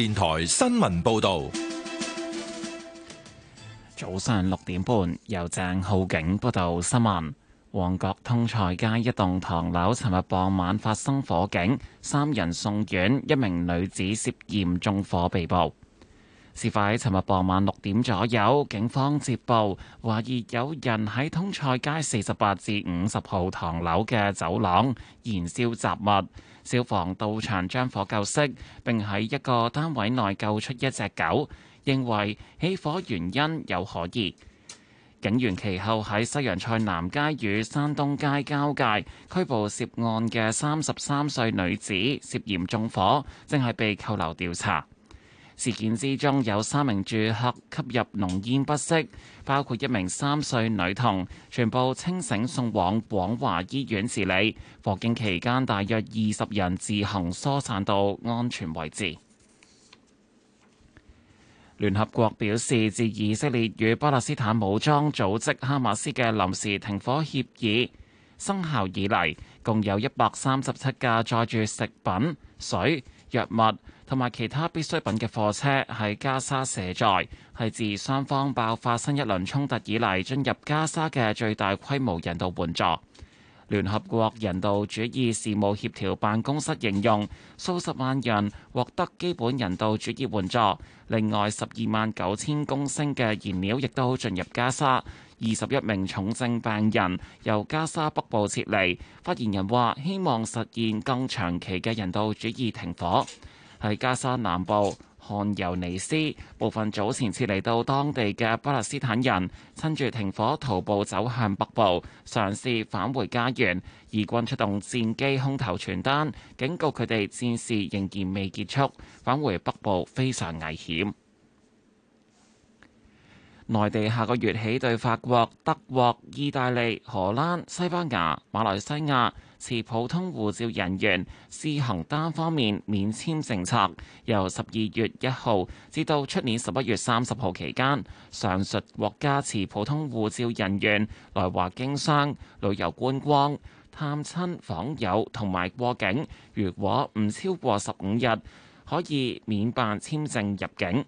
電台新聞報道：早上六點半，由鄭浩景報道新聞。旺角通菜街一棟唐樓，尋日傍晚發生火警，三人送院，一名女子涉嫌縱火被捕。事發喺尋日傍晚六點左右，警方接報，懷疑有人喺通菜街四十八至五十號唐樓嘅走廊燃燒雜物，消防到場將火救熄，並喺一個單位內救出一隻狗，認為起火原因有可疑。警員其後喺西洋菜南街與山東街交界拘捕涉案嘅三十三歲女子，涉嫌縱火，正係被扣留調查。事件之中有三名住客吸入濃煙不適，包括一名三歲女童，全部清醒送往廣華醫院治理。火警期間，大約二十人自行疏散到安全位置。聯合國表示，自以色列與巴勒斯坦武裝組織哈馬斯嘅臨時停火協議生效以嚟，共有一百三十七架載住食品、水、藥物，同埋其他必需品嘅貨車喺加沙卸載，係自雙方爆發新一輪衝突以嚟進入加沙嘅最大規模人道援助。聯合國人道主義事務協調辦公室形容，數十萬人獲得基本人道主義援助。另外，十二萬九千公升嘅燃料亦都進入加沙。二十一名重症病人由加沙北部撤離。發言人話：希望實現更長期嘅人道主義停火。喺加沙南部漢尤尼斯，部分早前撤離到當地嘅巴勒斯坦人，趁住停火徒步走向北部，嘗試返回家園。以軍出動戰機空投傳單，警告佢哋戰事仍然未結束，返回北部非常危險。內地下個月起對法國、德國、意大利、荷蘭、西班牙、馬來西亞持普通護照人員試行單方面免簽政策，由十二月一號至到出年十一月三十號期間，上述國家持普通護照人員來華經商、旅遊觀光、探親訪友同埋過境，如果唔超過十五日，可以免辦簽證入境。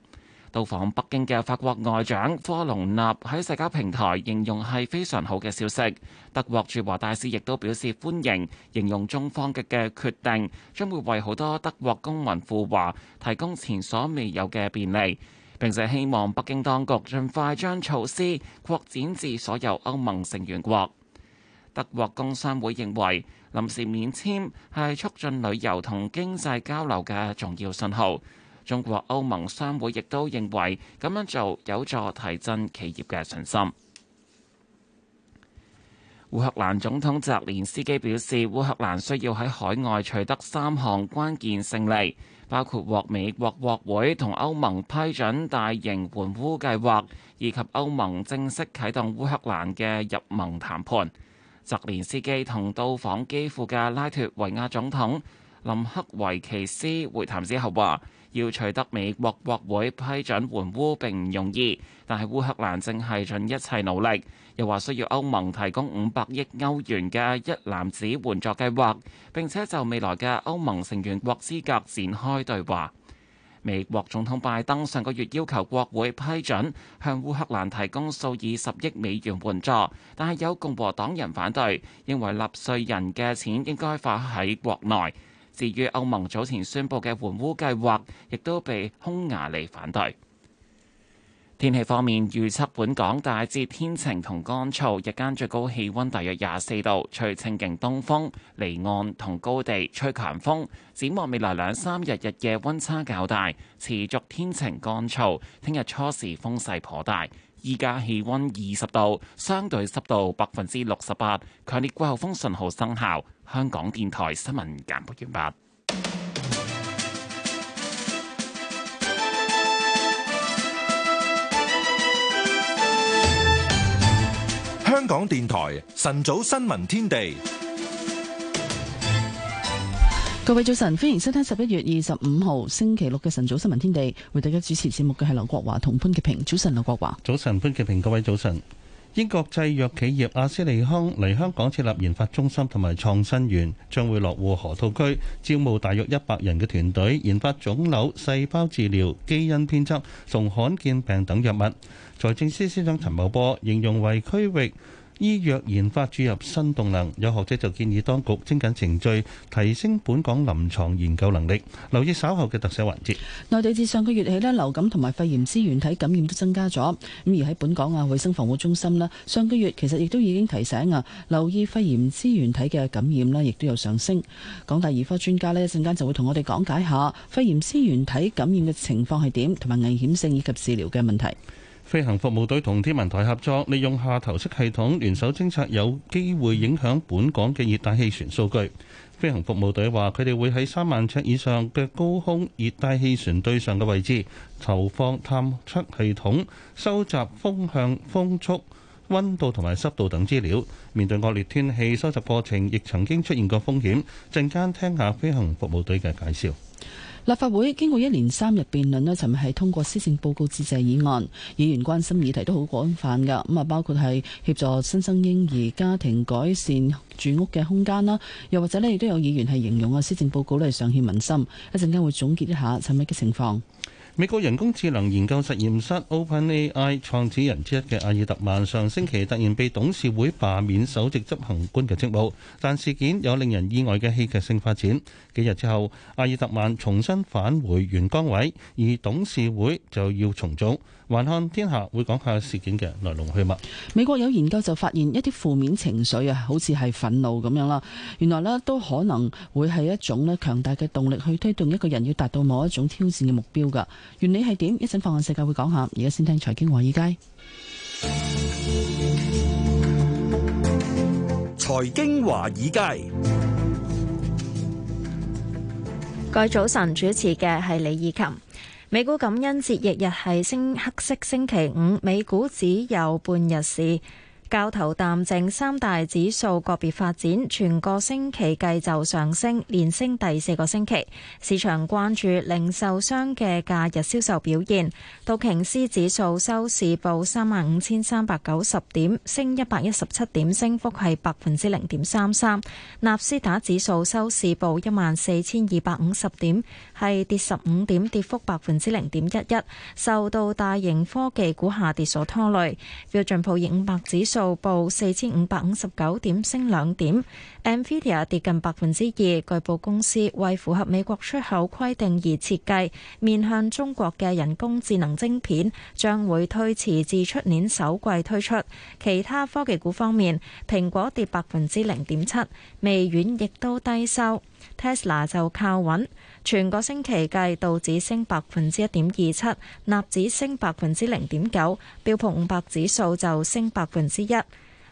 到訪北京嘅法國外長科隆納喺社交平台形容係非常好嘅消息。德國駐華大使亦都表示歡迎，形容中方嘅嘅決定將會為好多德國公民赴華提供前所未有嘅便利。並且希望北京當局盡快將措施擴展至所有歐盟成員國。德國工商會認為，臨時免簽係促進旅遊同經濟交流嘅重要信號。中國歐盟商會亦都認為咁樣做有助提振企業嘅信心。烏克蘭總統澤連斯基表示，烏克蘭需要喺海外取得三項關鍵勝利，包括獲美國國會同歐盟批准大型援烏計劃，以及歐盟正式啟動烏克蘭嘅入盟談判。澤連斯基同到訪基輔嘅拉脫維亞總統林克維奇斯會談之後話。要取得美國國會批准援烏並唔容易，但係烏克蘭正係盡一切努力。又話需要歐盟提供五百億歐元嘅一攬子援助計劃，並且就未來嘅歐盟成員國資格展開對話。美國總統拜登上個月要求國會批准向烏克蘭提供數以十億美元援助，但係有共和黨人反對，認為納稅人嘅錢應該花喺國內。至於歐盟早前宣布嘅援烏計劃，亦都被匈牙利反對。天氣方面預測本港大致天晴同乾燥，日間最高氣温大約廿四度，吹清勁東風，離岸同高地吹強風。展望未來兩三日日夜温差較大，持續天晴乾燥。聽日初時風勢頗大。依家氣温二十度，相對濕度百分之六十八，強烈季候風信號生效。香港電台新聞簡報完畢。香港電台晨早新聞天地。各位早晨，歡迎收聽十一月二十五號星期六嘅晨早新聞天地。為大家主持節目嘅係劉國華同潘潔平。早晨，劉國華。早晨，潘潔平。各位早晨。英國製藥企業阿斯利康嚟香港設立研發中心同埋創新園，將會落戶河套區，招募大約一百人嘅團隊，研發腫瘤、細胞治療、基因編輯、同罕見病等藥物。財政司司長陳茂波形容為區域。醫藥研發注入新動能，有學者就建議當局精簡程序，提升本港臨床研究能力。留意稍後嘅特寫環節。內地至上個月起咧，流感同埋肺炎支原體感染都增加咗。咁而喺本港啊，衞生防護中心咧，上個月其實亦都已經提醒啊，留意肺炎支原體嘅感染咧，亦都有上升。港大兒科專家咧，一陣間就會同我哋講解下肺炎支原體感染嘅情況係點，同埋危險性以及治療嘅問題。飛行服務隊同天文台合作，利用下投式系統聯手偵測有機會影響本港嘅熱帶氣旋數據。飛行服務隊話：佢哋會喺三萬呎以上嘅高空熱帶氣旋對上嘅位置投放探測系統，收集風向、風速、溫度同埋濕度等資料。面對惡劣天氣，收集過程亦曾經出現過風險。陣間聽下飛行服務隊嘅介紹。立法會經過一連三日辯論咧，尋日係通過施政報告致謝議案，議員關心議題都好廣泛噶，咁啊包括係協助新生嬰兒家庭改善住屋嘅空間啦，又或者咧亦都有議員係形容啊施政報告咧係尚欠民心，一陣間會總結一下尋日嘅情況。美國人工智能研究實驗室 OpenAI 創始人之一嘅阿爾特曼上星期突然被董事會罷免首席執行官嘅職務，但事件有令人意外嘅戲劇性發展。幾日之後，阿爾特曼重新返回原崗位，而董事會就要重組。還看天下會講下事件嘅來龍去脈。美國有研究就發現一啲負面情緒啊，好似係憤怒咁樣啦，原來呢都可能會係一種呢強大嘅動力，去推動一個人要達到某一種挑戰嘅目標噶。原理係點？一陣放眼世界會講下。而家先聽財經華爾街。財經華爾街，各位早晨，主持嘅係李義琴。美股感恩節翌日係黑色星期五，美股只有半日市。交投淡靜，三大指數個別發展，全個星期計就上升，連升第四個星期。市場關注零售商嘅假日銷售表現。道瓊斯指數收市報三萬五千三百九十點，升一百一十七點，升幅係百分之零點三三。納斯達指數收市報一萬四千二百五十點，係跌十五點，跌幅百分之零點一一，受到大型科技股下跌所拖累。標準普爾五百指數。道報四千五百五十九點升兩點，NVIDIA 跌近百分之二，據報公司為符合美國出口規定而設計面向中國嘅人工智能晶片，將會推遲至出年首季推出。其他科技股方面，蘋果跌百分之零點七，微軟亦都低收，Tesla 就靠穩。全個星期計，道指升百分之一點二七，納指升百分之零點九，標普五百指數就升百分之一。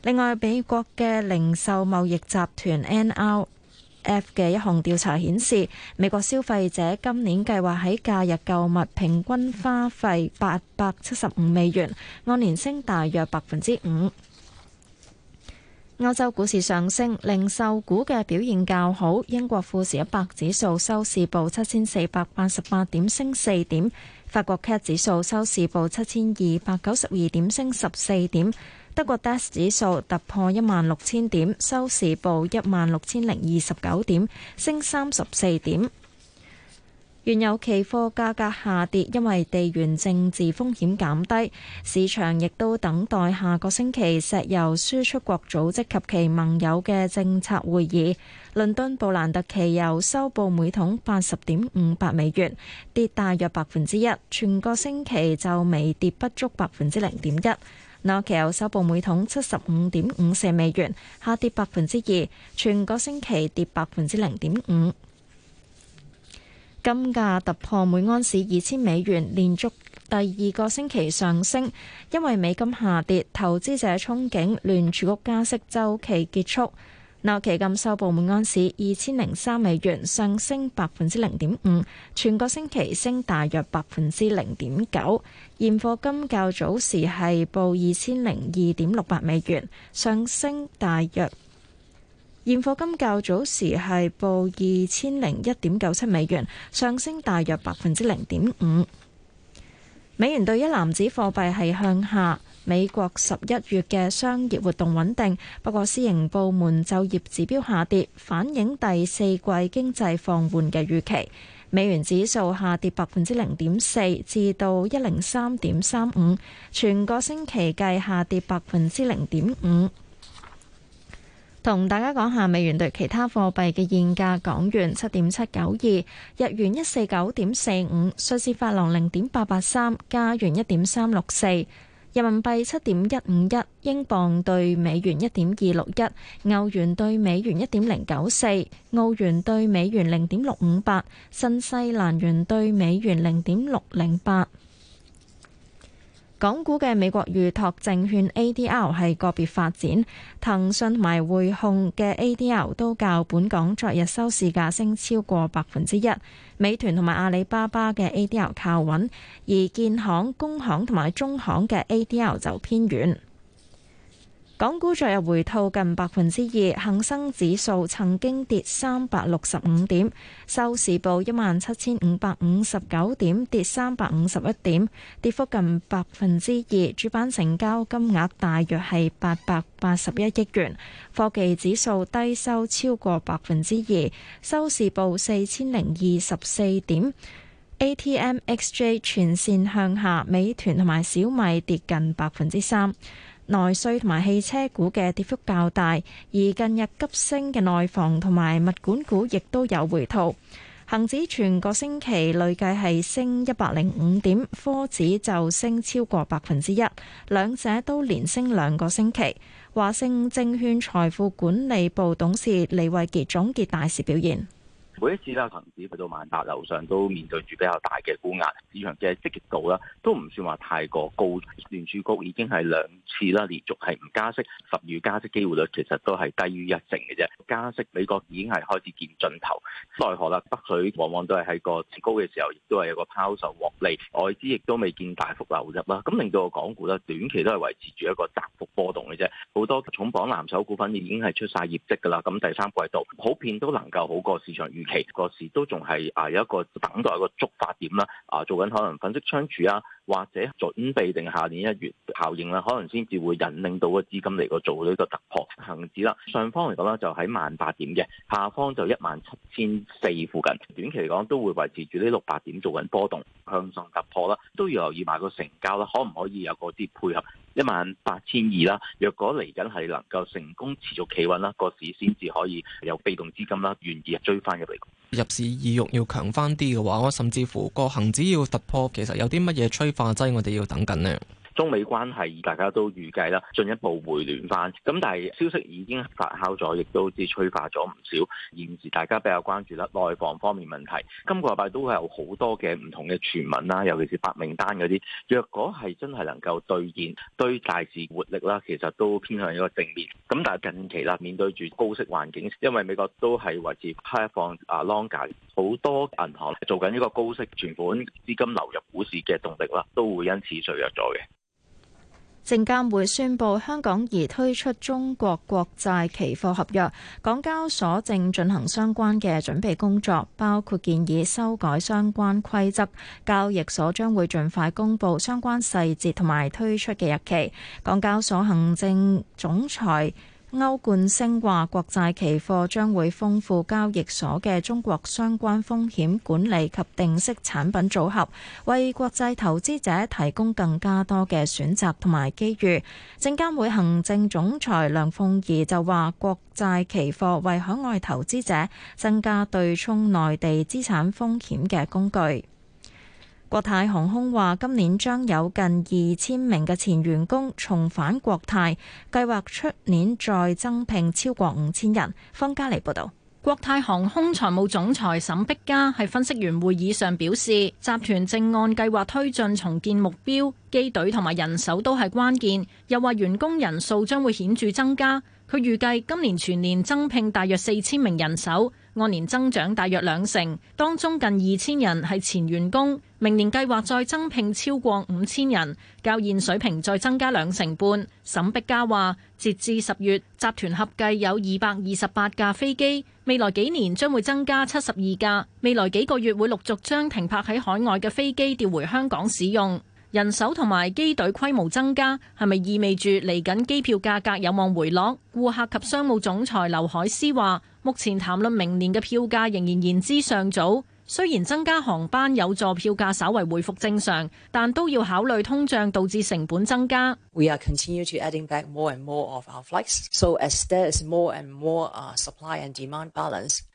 另外，美國嘅零售貿易集團 NRF 嘅一項調查顯示，美國消費者今年計劃喺假日購物平均花費八百七十五美元，按年升大約百分之五。歐洲股市上升，零售股嘅表現較好。英國富時一百指數收市報七千四百八十八點，升四點。法國 CAC 指數收市報七千二百九十二點，升十四點。德國 DAX 指數突破一萬六千點，收市報一萬六千零二十九點，升三十四點。原油期貨價格下跌，因為地緣政治風險減低。市場亦都等待下個星期石油輸出國組織及其盟友嘅政策會議。倫敦布蘭特期油收報每桶八十點五八美元，跌大約百分之一，全個星期就微跌不足百分之零點一。那期油收報每桶七十五點五四美元，下跌百分之二，全個星期跌百分之零點五。金價突破每安士二千美元，連續第二個星期上升，因為美金下跌，投資者憧憬聯儲局加息週期結束。紐期金收報每安士二千零三美元，上升百分之零點五，全個星期升大約百分之零點九。現貨金較早時係報二千零二點六八美元，上升大約。現貨金較早時係報二千零一點九七美元，上升大約百分之零點五。美元對一籃子貨幣係向下。美國十一月嘅商業活動穩定，不過私營部門就業指標下跌，反映第四季經濟放緩嘅預期。美元指數下跌百分之零點四，至到一零三點三五，全個星期計下跌百分之零點五。同大家講下美元對其他貨幣嘅現價：港元七點七九二，日元一四九點四五，瑞士法郎零點八八三，加元一點三六四，人民幣七點一五一，英鎊對美元一點二六一，歐元對美元一點零九四，澳元對美元零點六五八，新西蘭元對美元零點六零八。港股嘅美國預託證券 ADR 係個別發展，騰訊同埋匯控嘅 ADR 都較本港昨日收市價升超過百分之一，美團同埋阿里巴巴嘅 ADR 靠穩，而建行、工行同埋中行嘅 ADR 就偏軟。港股昨日回吐近百分之二，恒生指數曾經跌三百六十五點，收市報一萬七千五百五十九點，跌三百五十一點，跌幅近百分之二。主板成交金額大約係八百八十一億元。科技指數低收超過百分之二，收市報四千零二十四點。ATM XJ 全綫向下，美團同埋小米跌近百分之三。內需同埋汽車股嘅跌幅較大，而近日急升嘅內房同埋物管股亦都有回吐。恒指全個星期累計係升一百零五點，科指就升超過百分之一，兩者都連升兩個星期。華盛證券財富管理部董事李慧杰總結大市表現。每一次啦，停止去到萬達樓上都面對住比較大嘅股壓，市場嘅積極度啦，都唔算話太過高。聯儲局已經係兩次啦，連續係唔加息，十月加息機會率其實都係低於一成嘅啫。加息美國已經係開始見盡頭，奈何啦，北水往往都係喺個高嘅時候，亦都係有一個拋售獲利，外資亦都未見大幅流入啦。咁令到港股啦，短期都係維持住一個窄幅波動嘅啫。好多重磅藍籌股份已經係出晒業績㗎啦，咁第三季度普遍都能夠好過市場預期個市都仲係啊，有一個等待一個觸發點啦，啊， 做緊可能粉飾櫥窗啊。或者準備定下年一月效應啦，可能先至會引領到個資金嚟個做呢個突破恆指啦。上方嚟講咧就喺萬八點嘅，下方就一萬七千四附近。短期嚟講都會維持住呢六百點做緊波動，向上突破啦，都要留意埋個成交啦，可唔可以有嗰啲配合一萬八千二啦？若果嚟緊係能夠成功持續企穩啦，個市先至可以有被動資金啦願意追翻入嚟。入市意欲要強翻啲嘅話，我甚至乎個恆指要突破，其實有啲乜嘢催？化劑，我哋要等緊咧。中美關係，大家都預計啦，進一步回暖翻。咁但係消息已經發酵咗，亦都即係催化咗唔少。現時大家比較關注啦，內房方面問題。今個禮拜都會有好多嘅唔同嘅傳聞啦，尤其是白名單嗰啲。若果係真係能夠兌現，對大市活力啦，其實都偏向一個正面。咁但係近期啦，面對住高息環境，因為美國都係維持開放啊，longer 好多銀行做緊呢個高息存款資金流入股市嘅動力啦，都會因此削弱咗嘅。證監會宣布，香港擬推出中國國債期貨合約，港交所正進行相關嘅準備工作，包括建議修改相關規則。交易所將會盡快公佈相關細節同埋推出嘅日期。港交所行政總裁。歐冠星話，國債期貨將會豐富交易所嘅中國相關風險管理及定式產品組合，為國際投資者提供更加多嘅選擇同埋機遇。證監會行政總裁梁鳳儀就話，國債期貨為海外投資者增加對沖內地資產風險嘅工具。國泰航空話今年將有近二千名嘅前員工重返國泰，計劃出年再增聘超過五千人。方家莉報道，國泰航空財務總裁沈碧嘉喺分析員會議上表示，集團正按計劃推進重建目標，機隊同埋人手都係關鍵。又話員工人數將會顯著增加，佢預計今年全年增聘大約四千名人手。按年增長大約兩成，當中近二千人係前員工，明年計劃再增聘超過五千人，較現水平再增加兩成半。沈碧嘉話：截至十月，集團合計有二百二十八架飛機，未來幾年將會增加七十二架，未來幾個月會陸續將停泊喺海外嘅飛機調回香港使用。人手同埋機隊規模增加係咪意味住嚟緊機票價格有望回落？顧客及商務總裁劉凱思話，目前談論明年嘅票價仍然言之尚早，雖然增加航班有助票價稍為回復正常，但都要考慮通脹導致成本增加。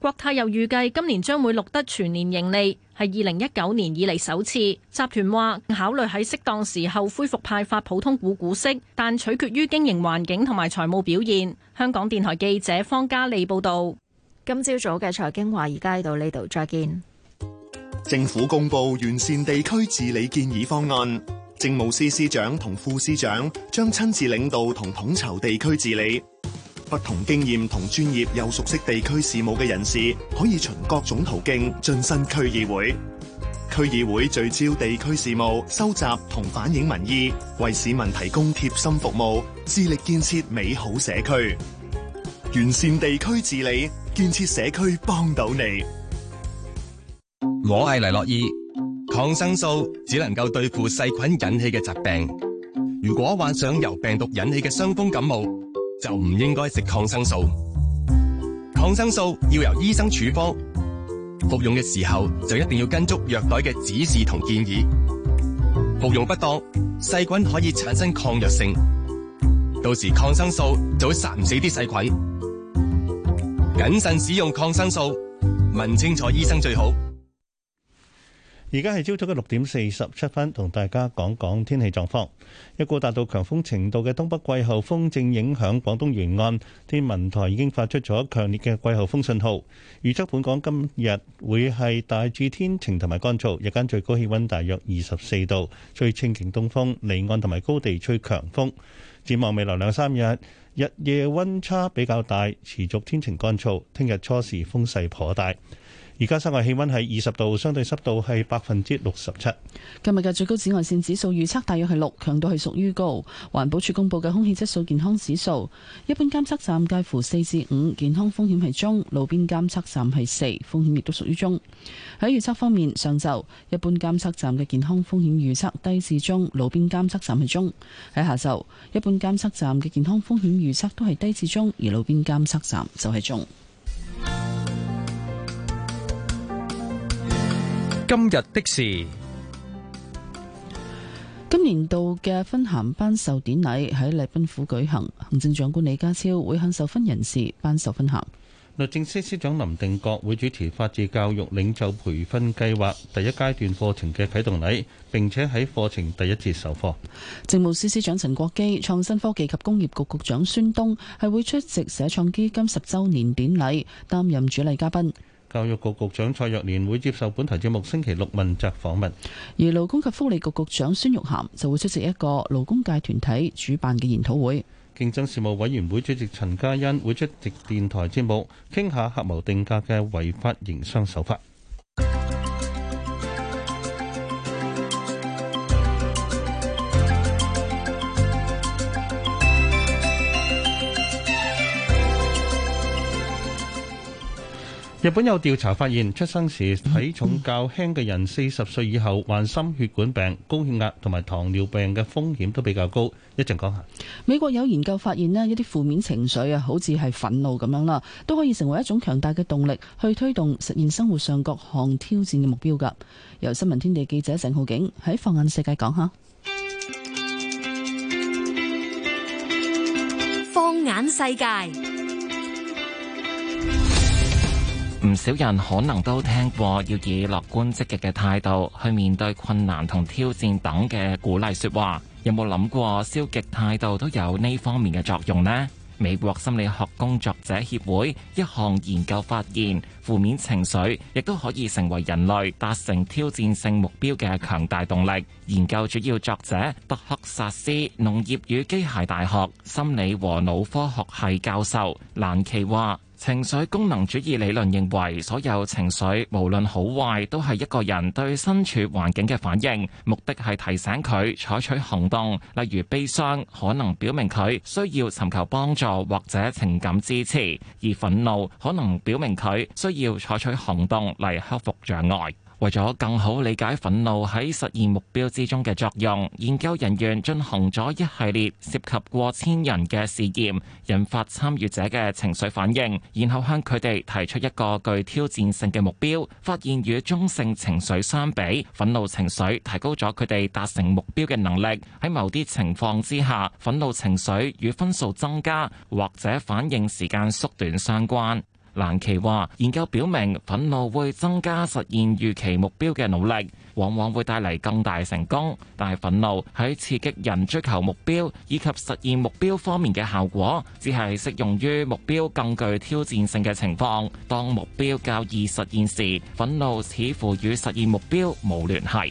國泰又預計今年將會錄得全年盈利，係二零一九年以嚟首次。集團話考慮喺適當時候恢復派發普通股股息，但取決於經營環境同埋財務表現。香港電台記者方嘉利報道。今朝早嘅財經話而家到呢度再見。政府公布完善地區治理建議方案，政務司司長同副司長將親自領導同統籌地區治理。不同經驗同專業又熟悉地區事務嘅人士，可以循各種途徑晉身區議會。區議會聚焦地區事務，收集同反映民意，為市民提供貼心服務，致力建設美好社區，完善地區治理，建設社區，幫到你。我係黎諾懿。抗生素只能夠對付細菌引起嘅疾病，如果患上由病毒引起嘅傷風感冒。就唔應該食抗生素，抗生素要由醫生處方，服用嘅時候就一定要跟足藥袋嘅指示同建議，服用不當，細菌可以產生抗藥性，到時抗生素就會殺唔死啲細菌，謹慎使用抗生素，問清楚醫生最好。而家係朝早嘅六點四十七分，同大家講講天氣狀況。一股達到強風程度嘅東北季候風正影響廣東沿岸，天文台已經發出咗強烈嘅季候風信號。預測本港今日會係大致天晴同埋乾燥，日間最高氣温大約二十四度，吹清勁東風，離岸同埋高地吹強風。展望未來兩三日，日夜温差比較大，持續天晴乾燥。聽日初時風勢頗大。而家室外氣温係二十度，相對濕度係百分之六十七。今日嘅最高紫外線指數預測大約係六，強度係屬於高。環保署公布嘅空氣質素健康指數，一般監測站介乎四至五，健康風險係中；路邊監測站係四，風險亦都屬於中。喺預測方面，上晝一般監測站嘅健康風險預測低至中，路邊監測站係中；喺下晝一般監測站嘅健康風險預測都係低至中，而路邊監測站就係中。今日的事，今年度嘅勳銜頒授典禮喺禮賓府舉行。行政長官李家超會向受勳人士頒授勳銜。律政司司司長林定國會主持法治教育領袖培訓計劃第一階段課程嘅啟動禮，並且喺課程第一節授課。政務司司司長陳國基、創新科技及工業局局長孫東係會出席社創基金十周年典禮，擔任主禮嘉賓。教育局局長蔡若蓮會接受本台節目星期六問責訪問，而勞工及福利局局長孫玉菡就會出席一個勞工界團體主辦嘅研討會。競爭事務委員會主席陳嘉欣會出席電台節目，傾下合謀定價嘅違法營商手法。日本有調查發現，出生時體重較輕嘅人，四十歲以後患心血管病、高血壓同埋糖尿病嘅風險都比較高。一陣講下。美國有研究發現呢一啲負面情緒啊，好似係憤怒咁樣啦，都可以成為一種強大嘅動力，去推動實現生活上各項挑戰嘅目標噶。由新聞天地記者鄭浩景喺放眼世界講下。放眼世界。唔少人可能都聽過要以樂觀積極嘅態度去面對困難同挑戰等嘅鼓勵說話，有冇諗過消極態度都有呢方面嘅作用呢？美國心理學工作者協會一項研究發現，負面情緒亦都可以成為人類達成挑戰性目標嘅強大動力。研究主要作者德克薩斯農業與機械大學心理和腦科學系教授蘭奇話。情緒功能主義理論認為，所有情緒無論好壞，都係一個人對身處環境嘅反應，目的係提醒佢採取行動。例如，悲傷可能表明佢需要尋求幫助或者情感支持，而憤怒可能表明佢需要採取行動嚟克服障礙。為咗更好理解憤怒喺實現目標之中嘅作用，研究人員進行咗一系列涉及過千人嘅試驗，引發參與者嘅情緒反應，然後向佢哋提出一個具挑戰性嘅目標，發現與中性情緒相比，憤怒情緒提高咗佢哋達成目標嘅能力。喺某啲情況之下，憤怒情緒與分數增加或者反應時間縮短相關。蘭奇話，研究表明，憤怒會增加實現預期目標嘅努力，往往會帶嚟更大成功。但係憤怒喺刺激人追求目標以及實現目標方面嘅效果，只係適用於目標更具挑戰性嘅情況。當目標較易實現時，憤怒似乎與實現目標冇聯繫。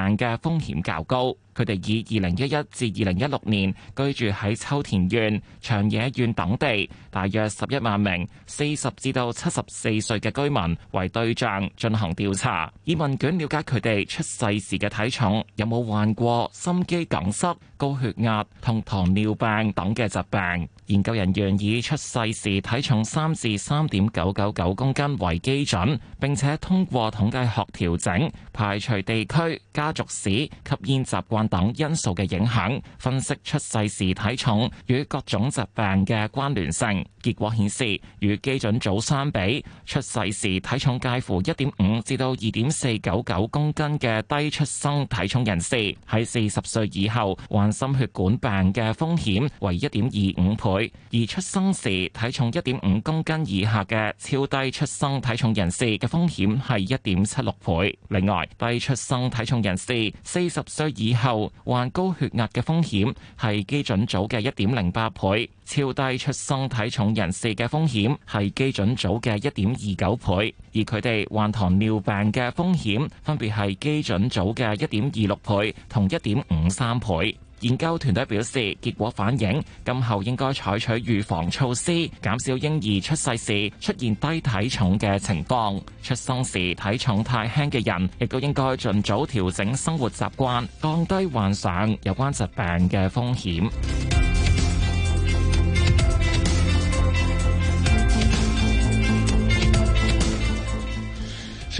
嘅風險較高，佢哋以二零一一至二零一六年居住喺秋田縣、長野縣等地，大約十一萬名四十至到七十四歲嘅居民為對象進行調查，以問卷了解佢哋出世時嘅體重，有冇患過心肌梗塞、高血壓同糖尿病等嘅疾病。研究人員以出世時體重三至三點九九九公斤為基準，並且通過統計學調整，排除地區、家族史、吸煙習慣等因素嘅影響，分析出世時體重與各種疾病嘅關聯性。結果顯示，與基準組相比，出世時體重介乎一點五至到二點四九九公斤嘅低出生體重人士，喺四十歲以後患心血管病嘅風險為一點二五倍。而出生時體重一點五公斤以下嘅超低出生體重人士嘅風險係一點七六倍。另外，低出生體重人士四十歲以後患高血壓嘅風險係基準組嘅一點零八倍，超低出生體重人士嘅風險係基準組嘅一點二九倍。而佢哋患糖尿病嘅風險分別係基準組嘅一點二六倍同一點五三倍。研究團隊表示，結果反映，今後應該採取預防措施，減少嬰兒出世時出現低體重嘅情況。出生時體重太輕嘅人，亦都應該盡早調整生活習慣，降低患上有關疾病嘅風險。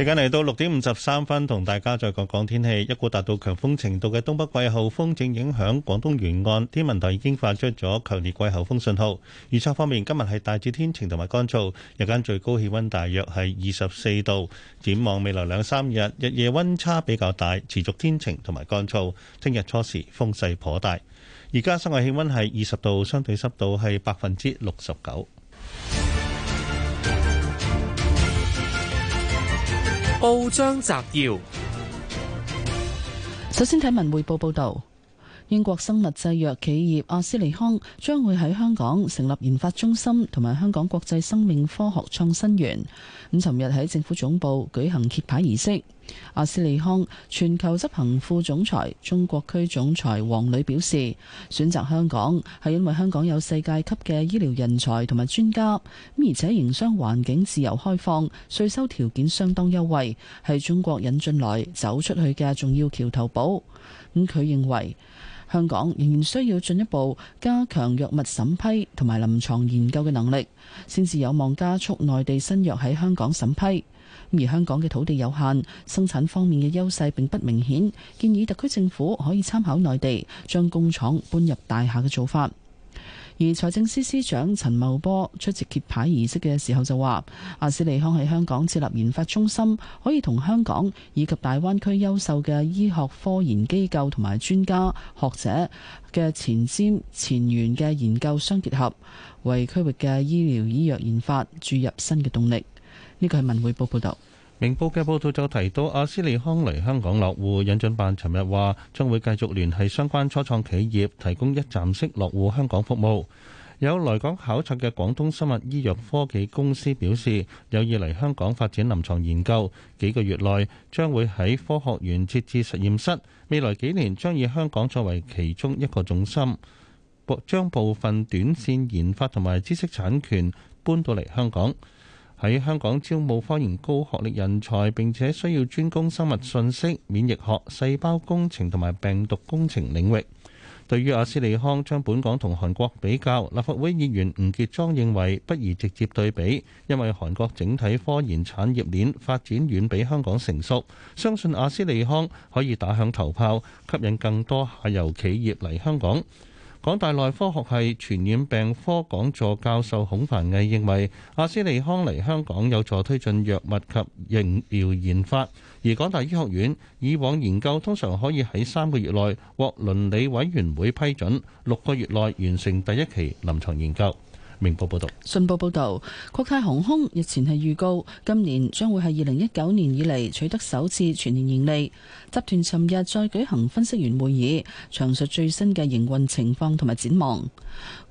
時間嚟到六點五十三分，同大家再講講天氣。一股達到強風程度嘅東北季候風正影響廣東沿岸，天文台已經發出咗強烈季候風信號。預測方面，今日係大致天晴同埋乾燥，日間最高氣溫大約係二十四度。展望未來兩三日，日夜溫差比較大，持續天晴同埋乾燥。聽日初時風勢頗大。而家室外氣溫係二十度，相對濕度係百分之六十九。報章摘要：首先睇文匯報報道，英國生物製藥企業阿斯利康將會喺香港成立研發中心，同埋香港國際生命科學創新園。咁，昨日喺政府總部舉行揭牌儀式，阿斯利康全球執行副總裁、中國區總裁王磊表示，選擇香港係因為香港有世界級嘅醫療人才同埋專家，而且營商環境自由開放，稅收條件相當優惠，係中國引進來走出去嘅重要橋頭堡。咁佢認為，香港仍然需要進一步加強藥物審批同埋臨床研究嘅能力，先至有望加速內地新藥喺香港審批。而香港嘅土地有限，生產方面嘅優勢並不明顯，建議特區政府可以參考內地，將工廠搬入大廈嘅做法。而財政司司長陳茂波出席揭牌儀式嘅時候就話：阿斯利康喺香港設立研發中心，可以同香港以及大灣區優秀嘅醫學科研機構同埋專家學者嘅前瞻前沿嘅研究相結合，為區域嘅醫療醫藥研發注入新嘅動力。呢個係文匯報報導。明報嘅報道就提到，阿斯利康嚟香港落戶，引進辦尋日話將會繼續聯繫相關初創企業，提供一站式落戶香港服務。有來港考察嘅廣東生物醫藥科技公司表示，有意嚟香港發展臨床研究，幾個月內將會喺科學園設置實驗室，未來幾年將以香港作為其中一個重心，將部分短線研發同埋知識產權搬到嚟香港。喺香港招募科研高學歷人才，並且需要專攻生物信息、免疫學、細胞工程同埋病毒工程領域。對於阿斯利康將本港同韓國比較，立法會議員吳杰莊認為不宜直接對比，因為韓國整體科研產業鏈發展遠比香港成熟。相信阿斯利康可以打響頭炮，吸引更多下游企業嚟香港。港大內科學系傳染病科講座教授孔凡毅認為，阿斯利康嚟香港有助推進藥物及疫苗研發，而港大醫學院以往研究通常可以喺三個月內獲倫理委員會批准，六個月內完成第一期臨床研究。明報報道，信報報導，國泰航空日前係預告今年將會係二零一九年以嚟取得首次全年盈利。集團尋日再舉行分析員會議，詳述最新嘅營運情況同埋展望。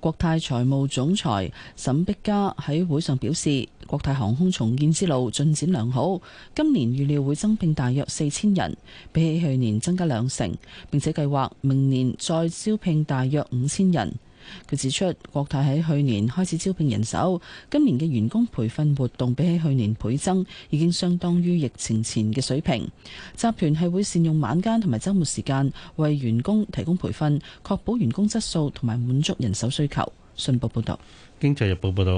國泰財務總裁沈碧嘉喺會上表示，國泰航空重建之路進展良好，今年預料會增聘大約四千人，比起去年增加兩成。並且計劃明年再招聘大約五千人。佢指出，國泰喺去年開始招聘人手，今年嘅員工培訓活動比起去年倍增，已經相當於疫情前嘅水平。集團係會善用晚間同埋周末時間，為員工提供培訓，確保員工質素同埋滿足人手需求。信報報導，《經濟日報》報道，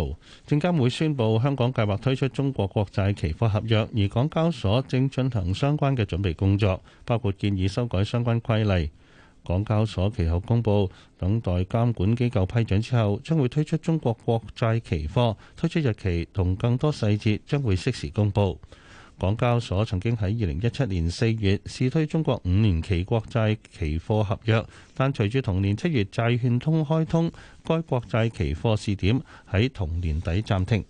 證監會宣布香港計劃推出中國國債期貨合約，而港交所正進行相關嘅準備工作，包括建議修改相關規例。港交所其後公布，等待監管機構批准之後，將會推出中國國債期貨。推出日期同更多細節將會適時公布。港交所曾經喺二零一七年四月試推中國五年期國債期貨合約，但隨住同年七月債券通開通，該國債期貨試點喺同年底暫停。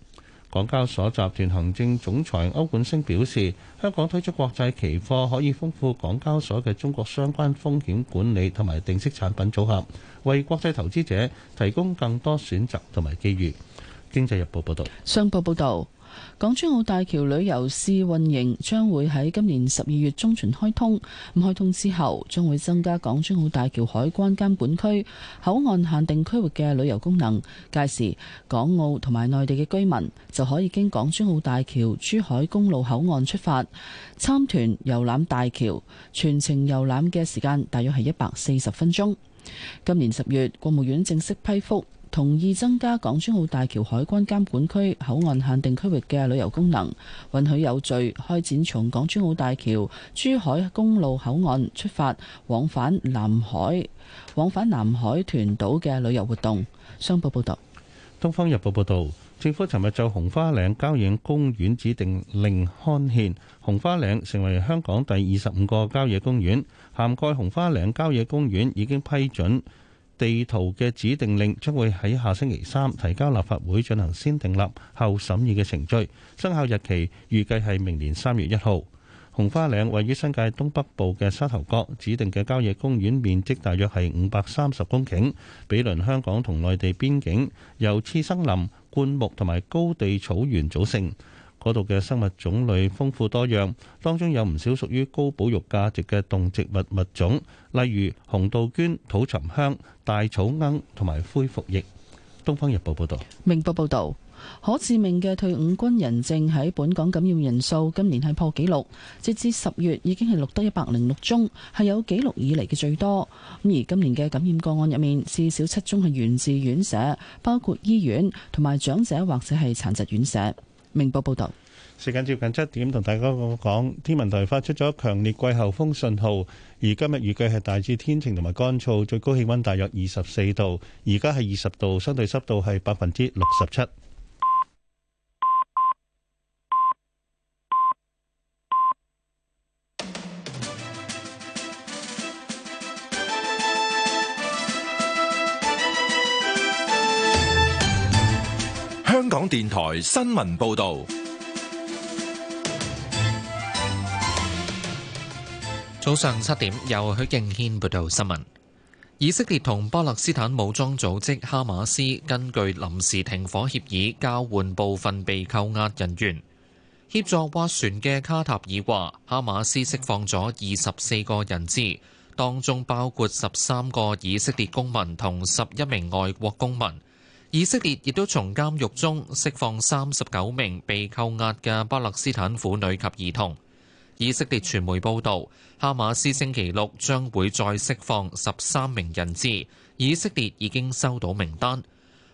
港交所集團行政總裁歐冠昇表示，香港推出國際期貨可以豐富港交所嘅中國相關風險管理同埋定息產品組合，為國際投資者提供更多選擇同埋機遇。經濟日報報道。商報報導。港珠澳大橋旅遊試運營將會喺今年十二月中旬開通，咁開通之後將會增加港珠澳大橋海關監管區口岸限定區域嘅旅遊功能。屆時，港澳同埋內地嘅居民就可以經港珠澳大橋珠海公路口岸出發參團遊覽大橋，全程遊覽嘅時間大約係一百四十分鐘。今年十月，國務院正式批復。同意增加港珠澳大橋海關監管區口岸限定區域嘅旅遊功能，允許有序開展從港珠澳大橋珠海公路口岸出發往返南海、往返南海群島嘅旅遊活動。商報報道，東方日報報道，政府尋日就紅花嶺郊野公園指定令刊憲，紅花嶺成為香港第二十五個郊野公園，涵蓋紅花嶺郊野公園已經批准地圖嘅指定令將會喺下星期三提交立法會進行先訂立後審議嘅程序，生效日期預計係明年三月一號。紅花嶺位於新界東北部嘅沙頭角指定嘅郊野公園面積大約係五百三十公頃，毗鄰香港同內地邊境，由次生林、灌木同埋高地草原組成。嗰度嘅生物種類豐富多樣，當中有唔少屬於高保育價值嘅動植物物種，例如紅杜鵑、土沉香、大草鶯同埋灰腹液。《東方日報》報道，《明報》報道，可致命嘅退伍軍人症喺本港感染人數今年係破紀錄，截至十月已經係錄得一百零六宗，係有紀錄以嚟嘅最多。咁而今年嘅感染個案入面，至少七宗係源自院舍，包括醫院同埋長者或者係殘疾院舍。明報報道，時間接近七點，同大家講，天文台發出咗強烈季候風訊號，而今日預計係大致天晴同埋乾燥，最高氣温大約二十四度，而家係二十度，相對濕度係百分之六十七。香港電台新聞報道，早上七點，由許敬軒報道新聞。以色列同巴勒斯坦武裝組織哈馬斯根據臨時停火協議，交換部分被扣押人員。協助斡旋嘅卡塔爾話，哈馬斯釋放咗二十四個人質，當中包括十三個以色列公民同十一名外國公民。以色列亦都從監獄中釋放三十九名被扣押嘅巴勒斯坦婦女及兒童。以色列傳媒報道，哈馬斯星期六將會再釋放十三名人質，以色列已經收到名單。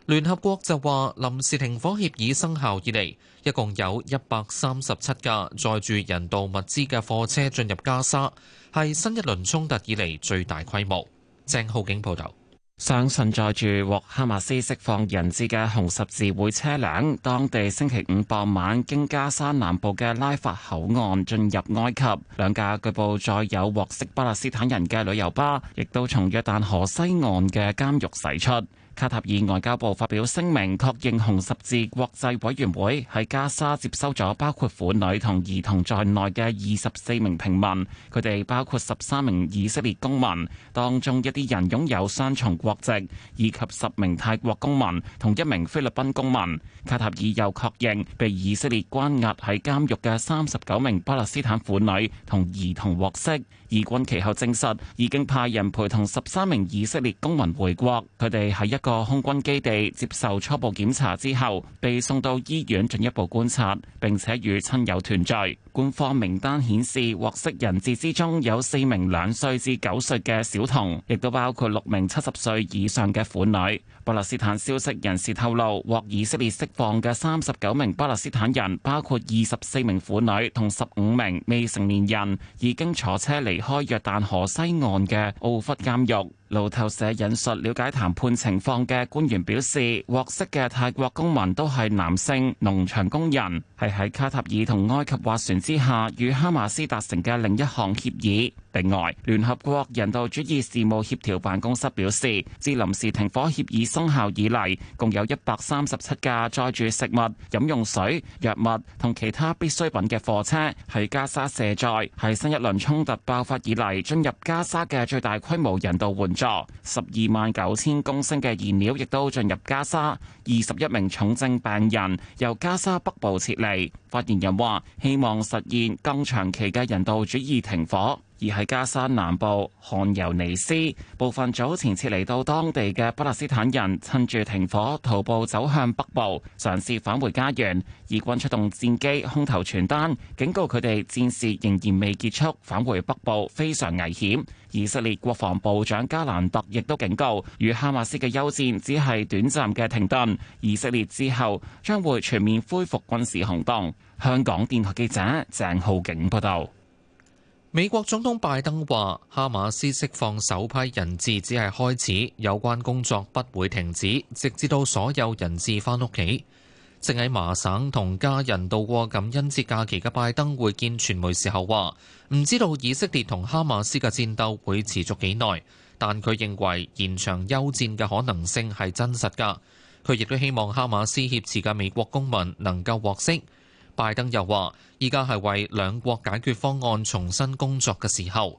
聯合國就話，臨時停火協議生效以嚟，一共有一百三十七架載住人道物資嘅貨車進入加沙，係新一輪衝突以嚟最大規模。鄭浩景報道。相信載住獲哈馬斯釋放人質嘅紅十字會車輛，當地星期五傍晚經加沙南部嘅拉法口岸進入埃及。兩架據報載有獲釋巴勒斯坦人嘅旅遊巴，亦都從約旦河西岸嘅監獄駛出。卡塔爾外交部發表聲明，確認紅十字國際委員會喺加沙接收咗包括婦女同兒童在內嘅二十四名平民，佢哋包括十三名以色列公民，當中一啲人擁有雙重國籍，以及十名泰國公民同一名菲律賓公民。卡塔爾又確認被以色列關押喺監獄嘅三十九名巴勒斯坦婦女同兒童獲釋。以軍其後證實，已經派人陪同十三名以色列公民回國。佢哋喺一個空軍基地接受初步檢查之後，被送到醫院進一步觀察，並且與親友團聚。官方名單顯示，獲釋人質之中有四名兩歲至九歲嘅小童，亦都包括六名七十歲以上嘅婦女。巴勒斯坦消息人士透露，獲以色列釋放嘅三十九名巴勒斯坦人，包括二十四名婦女同十五名未成年人，已經坐車離開約旦河西岸嘅奧弗監獄。路透社引述了解談判情況嘅官員表示，獲釋嘅泰國公民都係男性農場工人，係喺卡塔爾同埃及斡旋之下與哈馬斯達成嘅另一項協議。另外，聯合國人道主義事務協調辦公室表示，自臨時停火協議生效以嚟，共有一百三十七架載住食物、飲用水、藥物同其他必需品嘅貨車喺加沙卸載，係新一輪衝突爆發以嚟進入加沙嘅最大規模人道援助。十二萬九千公升嘅燃料亦都進入加沙，二十一名重症病人由加沙北部撤離，發言人話希望實現更長期嘅人道主義停火。而喺加沙南部漢尤尼斯，部分早前撤離到當地嘅巴勒斯坦人，趁住停火，徒步走向北部，嘗試返回家園，以軍出動戰機空投傳單警告佢哋戰事仍然未結束，返回北部非常危險，以色列國防部長加蘭特亦都警告，與哈馬斯嘅休戰只係短暫嘅停頓，以色列之後將會全面恢復軍事行動，香港電台記者鄭浩景報道。美國總統拜登話：哈馬斯釋放首批人質只係開始，有關工作不會停止，直至到所有人質翻屋企。正喺麻省同家人度過感恩節假期嘅拜登會見傳媒時候話：唔知道以色列同哈馬斯嘅戰鬥會持續幾耐，但佢認為延長休戰嘅可能性係真實噶。佢亦都希望哈馬斯挾持嘅美國公民能夠獲釋。拜登又話，依家係為兩國解決方案重新工作嘅時候。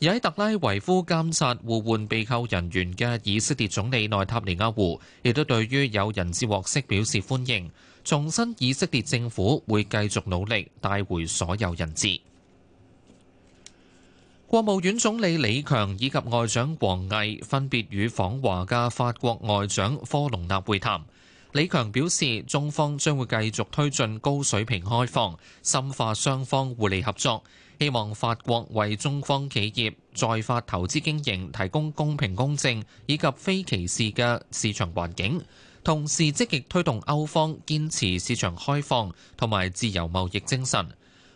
而喺特拉維夫監察互換被扣人員嘅以色列總理內塔尼亞胡，亦都對於有人質獲釋表示歡迎，重申以色列政府會繼續努力帶回所有人質。國務院總理李強以及外長王毅分別與訪華嘅法國外長科隆納會談。李強表示，中方將會繼續推進高水平開放，深化雙方互利合作。希望法國為中方企業在法投資經營提供公平公正以及非歧視嘅市場環境，同時積極推動歐方堅持市場開放同埋自由貿易精神。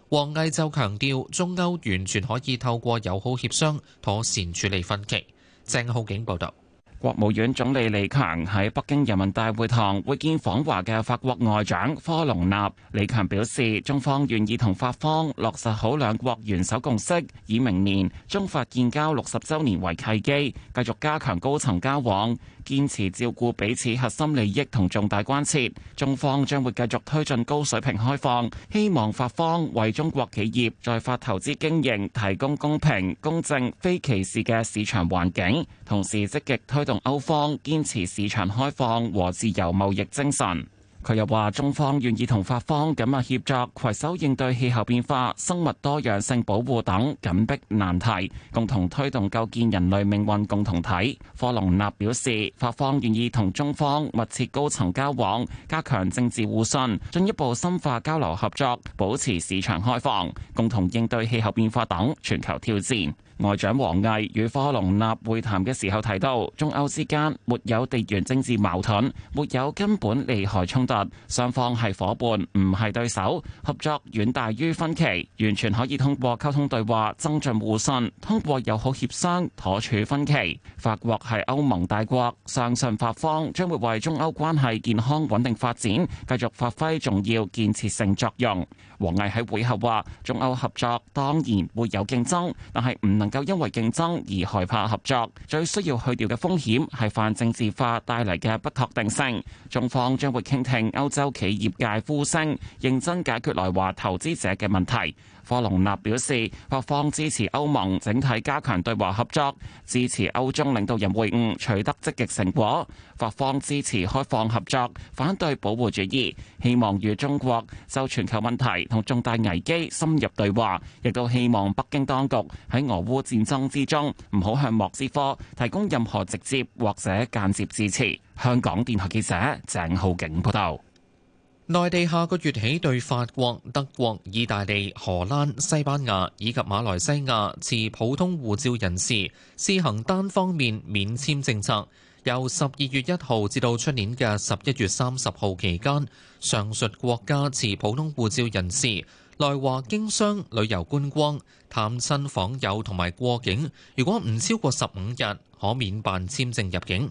王毅就強調，中歐完全可以透過友好協商妥善處理分歧。鄭浩景報道。國務院總理李強喺北京人民大會堂會見訪華嘅法國外長科隆納。李強表示，中方願意同法方落實好兩國元首共識，以明年中法建交六十周年為契機，繼續加強高層交往。堅持照顧彼此核心利益同重大關切。中方將會繼續推進高水平開放，希望法方為中國企業在法投資經營提供公平、公正、非歧視嘅市場環境，同時積極推動歐方堅持市場開放和自由貿易精神。佢又話：中方願意同法方緊密協作，攜手應對氣候變化、生物多樣性保護等緊迫難題，共同推動構建人類命運共同體。科隆納表示，法方願意同中方密切高層交往，加強政治互信，進一步深化交流合作，保持市場開放，共同應對氣候變化等全球挑戰。外長王毅與科隆納會談嘅時候提到，中歐之間沒有地緣政治矛盾，沒有根本利害衝突，雙方係伙伴，唔係對手，合作遠大於分歧，完全可以通過溝通對話增進互信，通過友好協商妥處分歧。法國係歐盟大國，相信法方將會為中歐關係健康穩定發展，繼續發揮重要建設性作用。王毅喺會後話：中歐合作當然會有競爭，但係唔能夠因為競爭而害怕合作。最需要去掉嘅風險係泛政治化帶嚟嘅不確定性。中方將會傾聽歐洲企業界呼聲，認真解決來華投資者嘅問題。科隆納表示，法方支持歐盟整體加強對華合作，支持歐中領導人會晤取得積極成果。法方支持開放合作，反對保護主義，希望與中國就全球問題同重大危機深入對話，亦都希望北京當局喺俄烏戰爭之中唔好向莫斯科提供任何直接或者間接支持。香港電台記者鄭浩景報道。內地下個月起對法國、德國、意大利、荷蘭、西班牙以及馬來西亞持普通護照人士試行單方面免簽政策，由十二月一號至到出年嘅十一月三十號期間，上述國家持普通護照人士來華經商、旅遊、觀光、探親訪友同埋過境，如果唔超過十五日，可免辦簽證入境。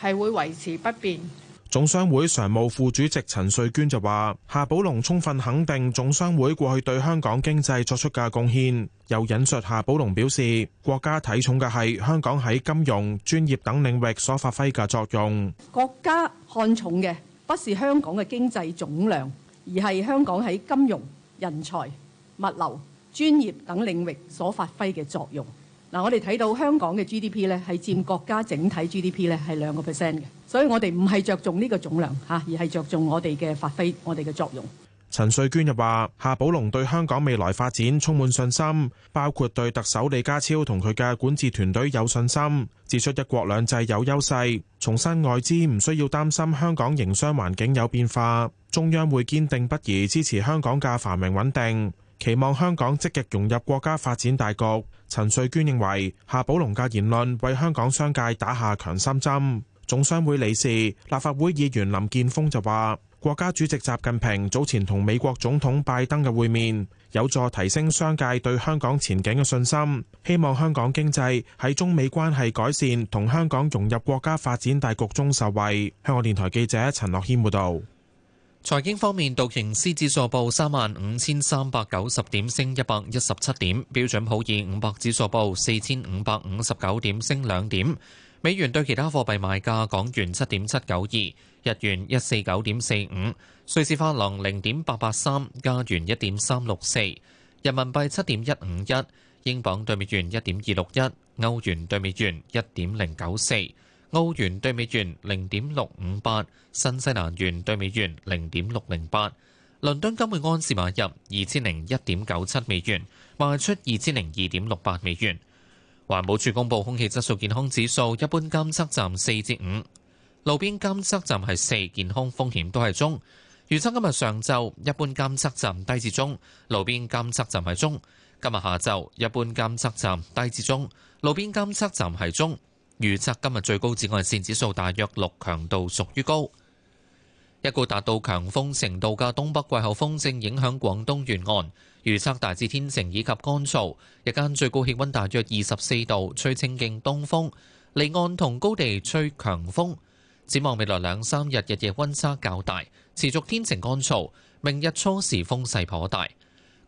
係會維持不變。總商會常務副主席陳瑞娟就話：夏寶龍充分肯定總商會過去對香港經濟作出嘅貢獻。又引述夏寶龍表示：國家睇重嘅係香港喺金融、專業等領域所發揮嘅作用。國家看重嘅不是香港嘅經濟總量，而係香港喺金融、人才、物流、專業等領域所發揮嘅作用。嗱，我哋睇到香港嘅 GDP 咧，係佔國家整體 GDP 咧，係兩個 percent 嘅，所以我哋唔係着重呢個總量吓，而係着重我哋嘅發揮我哋嘅作用。陳瑞娟又話夏寶龍對香港未來發展充滿信心，包括對特首李家超同佢嘅管治團隊有信心，指出一國兩制有優勢，重申外資唔需要擔心香港營商環境有變化，中央會堅定不移支持香港嘅繁榮穩定。期望香港積極融入國家發展大局。陳瑞娟認為夏寶龍嘅言論為香港商界打下強心針，總商會理事、立法會議員林健鋒就話國家主席習近平早前同美國總統拜登嘅會面，有助提升商界對香港前景嘅信心。希望香港經濟喺中美關係改善同香港融入國家發展大局中受惠。香港電台記者陳諾謙報道。財經方面，道瓊斯指數報三萬五千三百九十點，升一百一十七點；標準普爾五百指數報四千五百五十九點，升兩點。美元對其他貨幣賣價：港元七點七九二，日元一四九點四五，瑞士法郎零點八八三，加元一點三六四，人民幣七點一五一，英鎊對美元一點二六一，歐元對美元一點零九四。澳元對美元零點六五八，新西蘭元對美元零點六零八。倫敦金會安士買入二千零一點九七美元，賣出二千零二點六八美元。環保署公布空氣質素健康指數，一般監測站四至五，路邊監測站係四，健康風險都係中。預測今日上晝一般監測站低至中，路邊監測站係中。今日下晝一般監測站低至中，路邊監測站係中。預測今日最高紫外線指數大約六，強度屬於高。一股達到強風程度嘅東北季候風正影響廣東沿岸，預測大致天晴以及乾燥，日間最高氣溫大約二十四度，吹清勁東風，離岸同高地吹強風。展望未來兩三日，日夜温差較大，持續天晴乾燥。明日初時風勢頗大，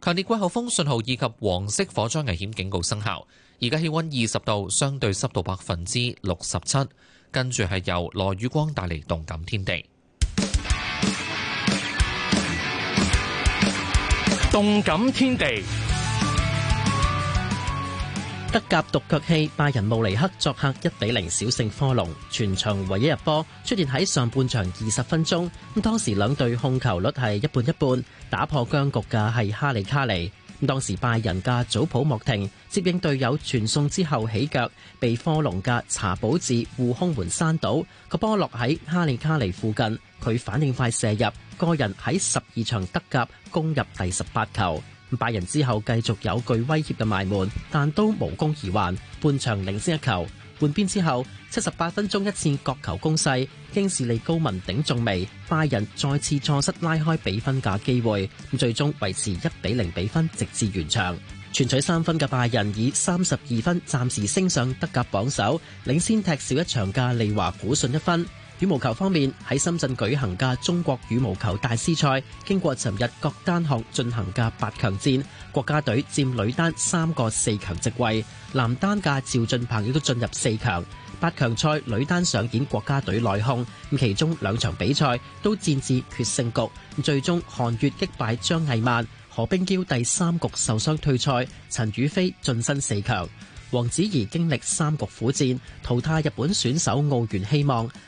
強烈季候風信號以及黃色火災危險警告生效。而家氣溫二十度，相對濕度百分之六十七，跟住係由羅宇光帶嚟動感天地。動感天地，德甲獨腳戲拜仁慕尼黑作客一比零小勝科隆，全場唯一入波出現喺上半場二十分鐘。咁當時兩隊控球率係一半一半，打破僵局嘅係哈利卡尼。當時拜仁嘅祖普莫廷接應隊友傳送之後起腳，被科隆嘅查保治護空門山倒，個波落喺哈利卡尼附近，佢反應快射入，個人喺十二場德甲攻入第十八球。拜仁之後繼續有具威脅嘅埋門，但都無功而還，半場領先一球。換邊之後，七十八分鐘一次角球攻勢，京士利高文頂中楣，拜仁再次錯失拉開比分嘅機會，最終維持一比零比分直至完場，全取三分嘅拜仁以三十二分暫時升上德甲榜首，領先踢少一場嘅利華古遜一分。羽毛球方面喺深圳舉行嘅中國羽毛球大師賽，經過尋日各單項進行嘅八強戰，國家隊佔女單三個四強席位，男單嘅趙俊鵬亦都進入四強。八強賽女單上演國家隊內訌，其中兩場比賽都戰至決勝局，最終韓悅擊敗張藝曼，何冰嬌第三局受傷退賽，陳雨菲晉身四強，王祉怡經歷三局苦戰淘汰日本選手奧原希望。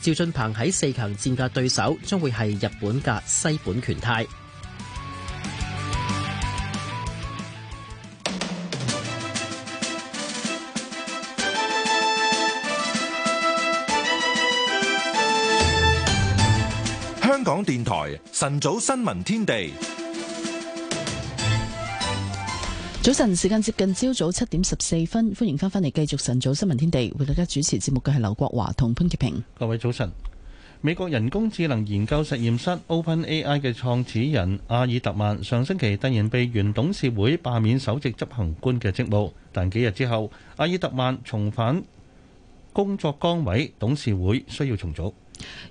趙俊鵬喺四強戰嘅對手將會係日本嘅西本拳太。香港電台晨早新聞天地。早晨，時間接近朝早七點十四分，歡迎翻返嚟繼續晨早新聞天地。為大家主持節目嘅係劉國華同潘潔平。各位早晨。美國人工智能研究實驗室 OpenAI 嘅創始人阿爾特曼上星期突然被原董事會罷免首席執行官嘅職務，但幾日之後，阿爾特曼重返工作崗位，董事會需要重組。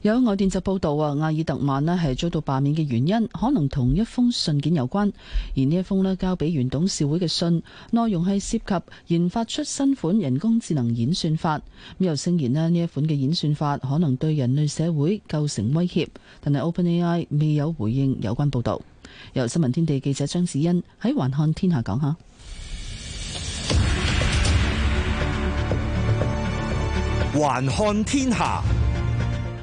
有外電就報道啊，阿爾特曼呢係遭到罷免嘅原因，可能同一封信件有關。而呢一封呢交俾原董事會嘅信，內容係涉及研發出新款人工智能演算法，又聲言呢呢一款嘅演算法可能對人類社會構成威脅。但係 OpenAI 未有回應有關報道。由新聞天地記者張子欣喺環看天下講下。環看天下。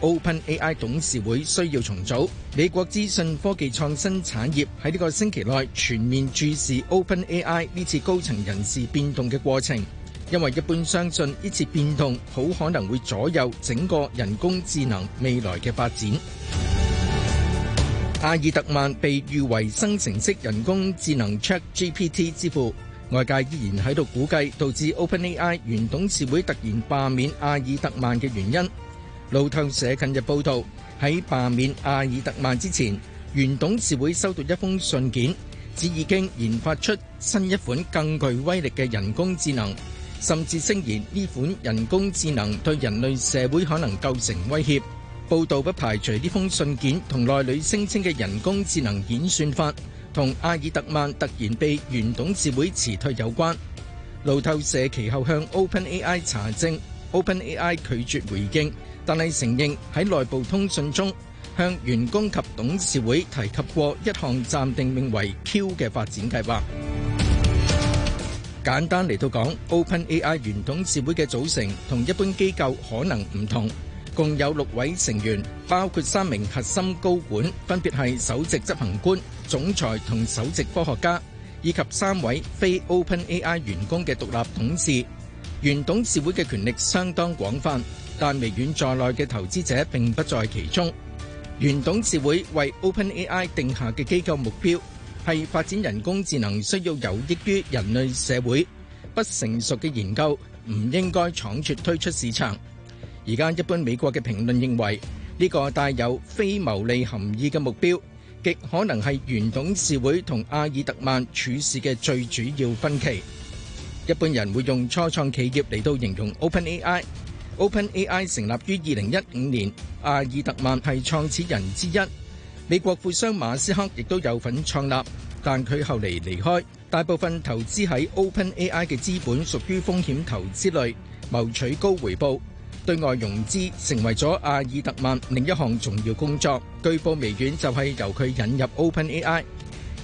Open AI 董事會需要重組。美國資訊科技創新產業喺呢個星期內全面注視 Open AI 呢次高層人事變動嘅過程，因為一般相信呢次變動好可能會左右整個人工智能未來嘅發展。阿爾特曼被譽為生成式人工智能 Chat GPT 之父，外界依然喺度估計導致 Open AI 原董事會突然罷免阿爾特曼嘅原因。路透社近日報道，喺罷免阿爾特曼之前，原董事會收到一封信件，指已經研發出新一款更具威力嘅人工智能，甚至聲言呢款人工智能對人類社會可能構成威脅。報道不排除呢封信件同內裏聲稱嘅人工智能演算法同阿爾特曼突然被原董事會辭退有關。路透社其後向 OpenAI 查證，OpenAI 拒絕回應。但係承認喺內部通訊中向員工及董事會提及過一項暫定名為 Q 嘅發展計劃。簡單嚟到講，OpenAI 原董事會嘅組成同一般機構可能唔同，共有六位成員，包括三名核心高管，分別係首席執行官、總裁同首席科學家，以及三位非 OpenAI 員工嘅獨立董事。原董事會嘅權力相當廣泛。但微軟在內嘅投資者並不在其中。原董事會為 OpenAI 定下嘅機構目標係發展人工智能需要有益於人類社會，不成熟嘅研究唔應該倉促推出市場。而家一般美國嘅評論認為呢個帶有非牟利含義嘅目標，極可能係原董事會同阿爾特曼處事嘅最主要分歧。一般人會用初創企業嚟到形容 OpenAI。OpenAI 成立於2015年，阿爾特曼係創始人之一。美國富商馬斯克亦都有份創立，但佢後嚟離開。大部分投資喺 OpenAI 嘅資本屬於風險投資類，謀取高回報。對外融資成為咗阿爾特曼另一項重要工作，據報微軟就係由佢引入 OpenAI。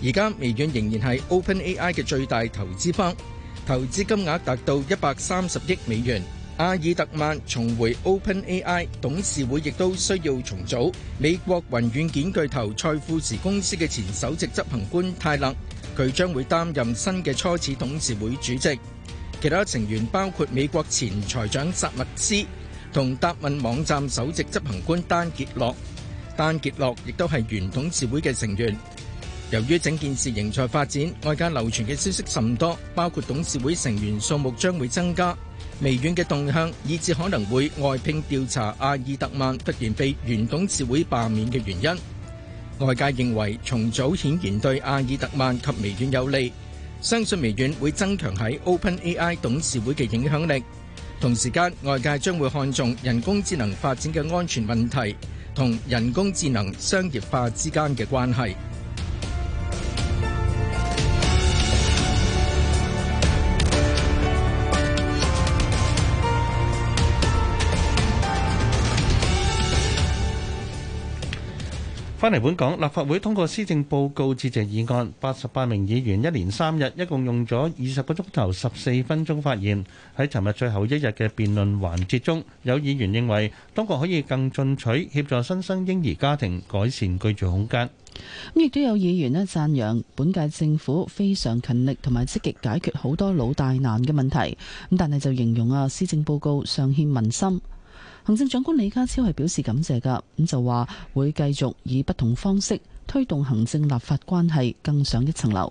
而家微軟仍然係 OpenAI 嘅最大投資方，投資金額達到130億美元。阿爾特曼重回 OpenAI 董事會，亦都需要重組。美國雲軟件巨頭賽富時公司嘅前首席執行官泰勒，佢將會擔任新嘅初始董事會主席。其他成員包括美國前財長薩默斯同答問網站首席執行官丹傑洛。丹傑洛亦都係原董事會嘅成員。由於整件事仍在發展，外界流傳嘅消息甚多，包括董事會成員數目將會增加。微軟嘅動向，以至可能會外聘調查阿爾特曼突然被原董事會罷免嘅原因。外界認為重組顯然對阿爾特曼及微軟有利，相信微軟會增強喺 OpenAI 董事會嘅影響力。同時間，外界將會看中人工智能發展嘅安全問題同人工智能商業化之間嘅關係。翻嚟本港，立法會通過施政報告致謝議案，八十八名議員一連三日，一共用咗二十個鐘頭十四分鐘發言。喺尋日最後一日嘅辯論環節中，有議員認為當局可以更進取協助新生嬰兒家庭改善居住空間。亦都有議員咧讚揚本屆政府非常勤力同埋積極解決好多老大難嘅問題。咁但係就形容啊施政報告尚欠民心。行政長官李家超係表示感謝㗎，咁就話會繼續以不同方式推動行政立法關係更上一層樓。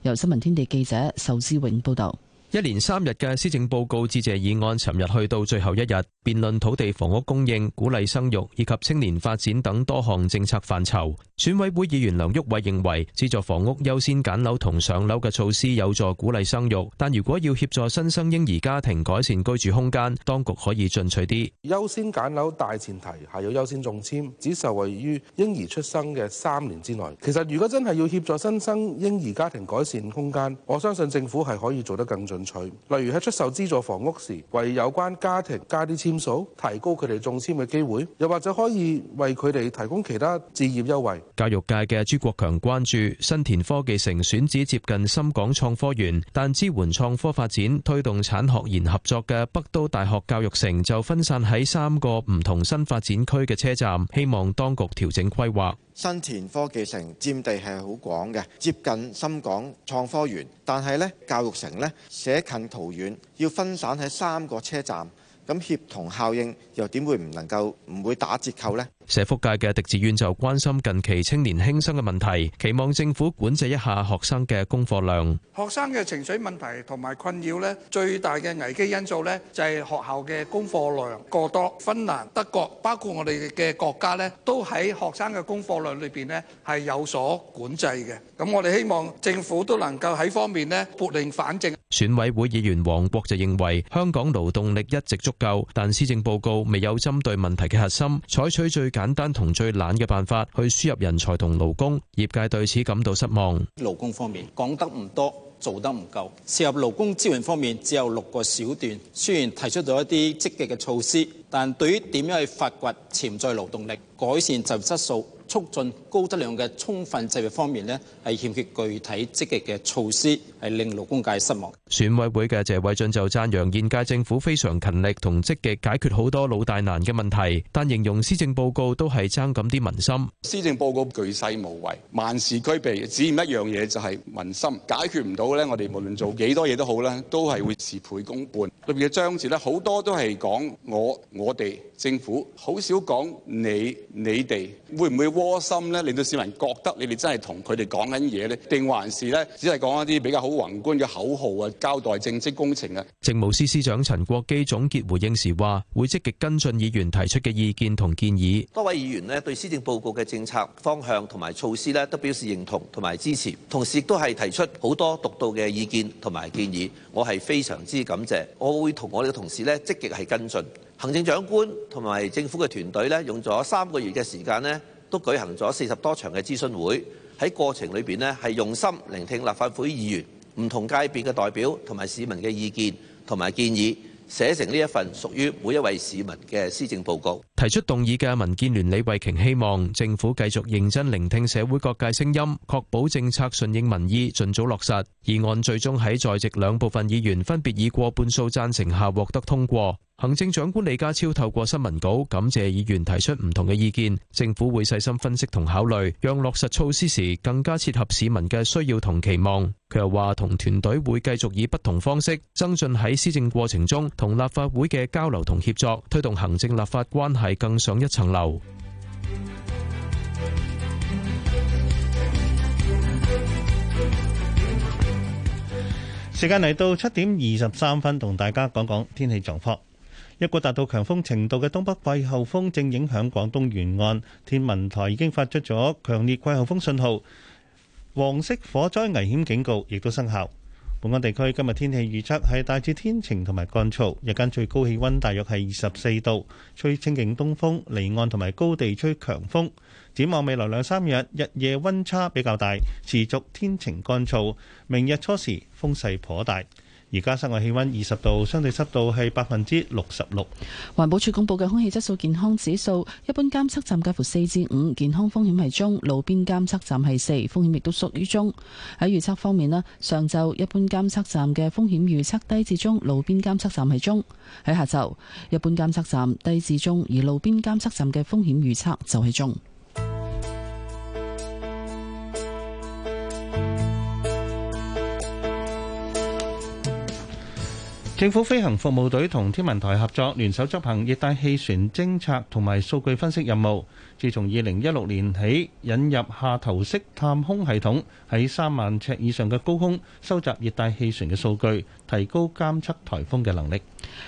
由新聞天地記者仇志永報導。一連三日嘅施政報告致謝議案，尋日去到最後一日，辯論土地、房屋供應、鼓勵生育以及青年發展等多項政策範疇。選委會議員梁毓偉認為，資助房屋優先揀樓同上樓嘅措施有助鼓勵生育，但如果要協助新生嬰兒家庭改善居住空間，當局可以進取啲。優先揀樓大前提係要優先中簽，只受惠於嬰兒出生嘅三年之內。其實如果真係要協助新生嬰兒家庭改善空間，我相信政府係可以做得更盡。例如喺出售資助房屋時，為有關家庭加啲簽數，提高佢哋中簽嘅機會，又或者可以為佢哋提供其他置業優惠。教育界嘅朱國強關注新田科技城選址接近深港創科園，但支援創科發展、推動產學研合作嘅北都大學教育城就分散喺三個唔同新發展區嘅車站，希望當局調整規劃。新田科技城佔地係好廣嘅，接近深港創科園，但係咧教育城咧捨近圖遠，要分散喺三個車站，咁協同效應又點會唔能夠唔會打折扣咧？社福界嘅狄志遠就關心近期青年輕生嘅問題，期望政府管制一下學生嘅功課量。學生嘅情緒問題同埋困擾咧，最大嘅危機因素咧就係學校嘅功課量過多。芬蘭、德國包括我哋嘅國家咧，都喺學生嘅功課量裏邊咧係有所管制嘅。咁我哋希望政府都能夠喺方面咧撥令反正。選委會議員黃國就認為，香港勞動力一直足夠，但施政報告未有針對問題嘅核心，採取最緊。簡單同最懶嘅辦法去輸入人才同勞工，業界對此感到失望。勞工方面講得唔多，做得唔夠。涉及勞工資源方面，只有六個小段，雖然提出咗一啲積極嘅措施，但對於點樣去發掘潛在勞動力、改善就業質素，促進高質量嘅充分制約方面咧，係欠缺具體積極嘅措施，係令勞工界失望。選委會嘅謝偉俊就讚揚現屆政府非常勤力同積極解決好多老大難嘅問題，但形容施政報告都係爭咁啲民心。施政報告巨細無遺，萬事俱備，只欠一樣嘢就係民心。解決唔到咧，我哋無論做幾多嘢都好啦，都係會事倍功半。裏邊嘅章節咧，好多都係講我我哋政府，好少講你你哋會唔會。窩心咧，令到市民覺得你哋真係同佢哋講緊嘢呢，定還是咧只係講一啲比較好宏觀嘅口號啊、交代政績工程啊？政務司司長陳國基總結回應時話，會積極跟進議員提出嘅意見同建議。多位議員呢對施政報告嘅政策方向同埋措施呢都表示認同同埋支持，同時亦都係提出好多獨到嘅意見同埋建議，我係非常之感謝，我會同我哋嘅同事呢積極係跟進。行政長官同埋政府嘅團隊呢用咗三個月嘅時間呢，都舉行咗四十多場嘅諮詢會，喺過程裏邊呢係用心聆聽立法會議員、唔同界別嘅代表同埋市民嘅意見同埋建議，寫成呢一份屬於每一位市民嘅施政報告。提出動議嘅民建聯李慧瓊希望政府繼續認真聆聽社會各界聲音，確保政策順應民意，儘早落實。議案最終喺在席兩部分議員分別以過半數贊成下獲得通過。行政長官李家超透過新聞稿感謝議員提出唔同嘅意見，政府會細心分析同考慮，讓落實措施時更加切合市民嘅需要同期望。佢又話，同團隊會繼續以不同方式增進喺施政過程中同立法會嘅交流同協作，推動行政立法關係更上一層樓。時間嚟到七點二十三分，同大家講講天氣狀況。一股達到強風程度嘅東北季候風正影響廣東沿岸，天文台已經發出咗強烈季候風信號，黃色火災危險警告亦都生效。本港地區今日天氣預測係大致天晴同埋乾燥，日間最高氣温大約係二十四度，吹清勁東風，離岸同埋高地吹強風。展望未來兩三日，日夜温差比較大，持續天晴乾燥。明日初時風勢頗大。而家室外氣溫二十度，相對濕度係百分之六十六。環保署公布嘅空氣質素健康指數，一般監測站介乎四至五，健康風險係中；路邊監測站係四，風險亦都屬於中。喺預測方面呢，上晝一般監測站嘅風險預測低至中，路邊監測站係中；喺下晝，一般監測站低至中，而路邊監測站嘅風險預測就係中。政府飛行服務隊同天文台合作，聯手執行熱帶氣旋偵測同埋數據分析任務。自從二零一六年起，引入下投式探空系統，喺三萬尺以上嘅高空收集熱帶氣旋嘅數據，提高監測颱風嘅能力。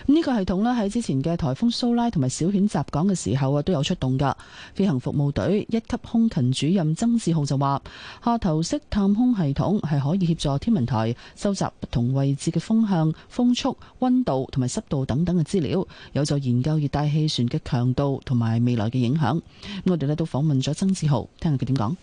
呢個系統咧，喺之前嘅颱風蘇拉同埋小犬襲港嘅時候啊都有出動噶。飛行服務隊一級空勤主任曾志浩就話，下頭式探空系統係可以協助天文台收集不同位置嘅風向、風速、溫度同埋濕度等等嘅資料，有助研究熱帶氣旋嘅強度同埋未來嘅影響。咁我哋咧都訪問咗曾志浩，聽下佢點講。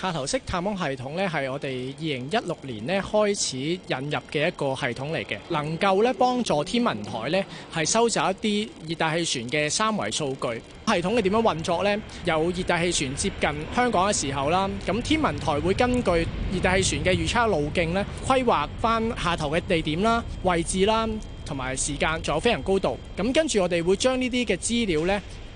下頭式探空系統咧係我哋二零一六年咧開始引入嘅一個系統嚟嘅，能夠咧幫助天文台咧係收集一啲熱帶氣旋嘅三維數據。系統係點樣運作呢？有熱帶氣旋接近香港嘅時候啦，咁天文台會根據熱帶氣旋嘅預測路徑咧規劃返下頭嘅地點啦、位置啦、同埋時間，仲有飛行高度。咁跟住我哋會將呢啲嘅資料咧，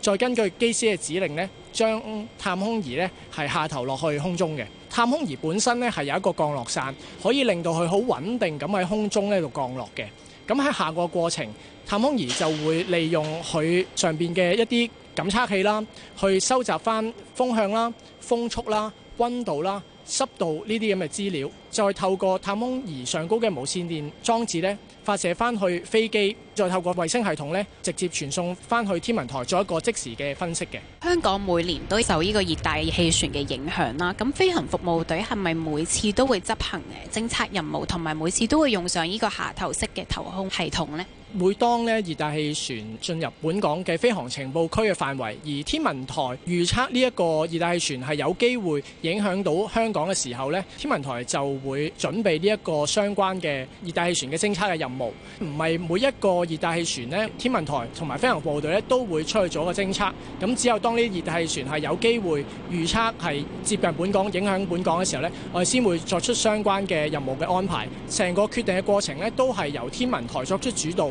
再根據機師嘅指令咧，將探空儀咧係下投落去空中嘅。探空儀本身咧係有一個降落傘，可以令到佢好穩定咁喺空中呢度降落嘅。咁喺下個過程，探空儀就會利用佢上邊嘅一啲感測器啦，去收集翻風向啦、風速啦、温度啦、濕度呢啲咁嘅資料，再透過探空儀上高嘅無線電裝置呢發射翻去飛機，再透過衛星系統呢直接傳送翻去天文台，做一個即時嘅分析嘅。香港每年都受呢個熱帶氣旋嘅影響啦。咁飛行服務隊係咪每次都會執行偵測任務，同埋每次都會用上呢個下投式嘅投空系統呢？每當咧熱帶氣旋進入本港嘅飛行情報區嘅範圍，而天文台預測呢一個熱帶氣旋係有機會影響到香港嘅時候咧，天文台就會準備呢一個相關嘅熱帶氣旋嘅偵測嘅任務，唔係每一個熱帶氣旋咧，天文台同埋飛行部隊咧都會出去做一個偵測，咁只有當呢熱帶氣旋係有機會預測係接近本港影響本港嘅時候咧，我哋先會作出相關嘅任務嘅安排。成個決定嘅過程咧，都係由天文台作出主導。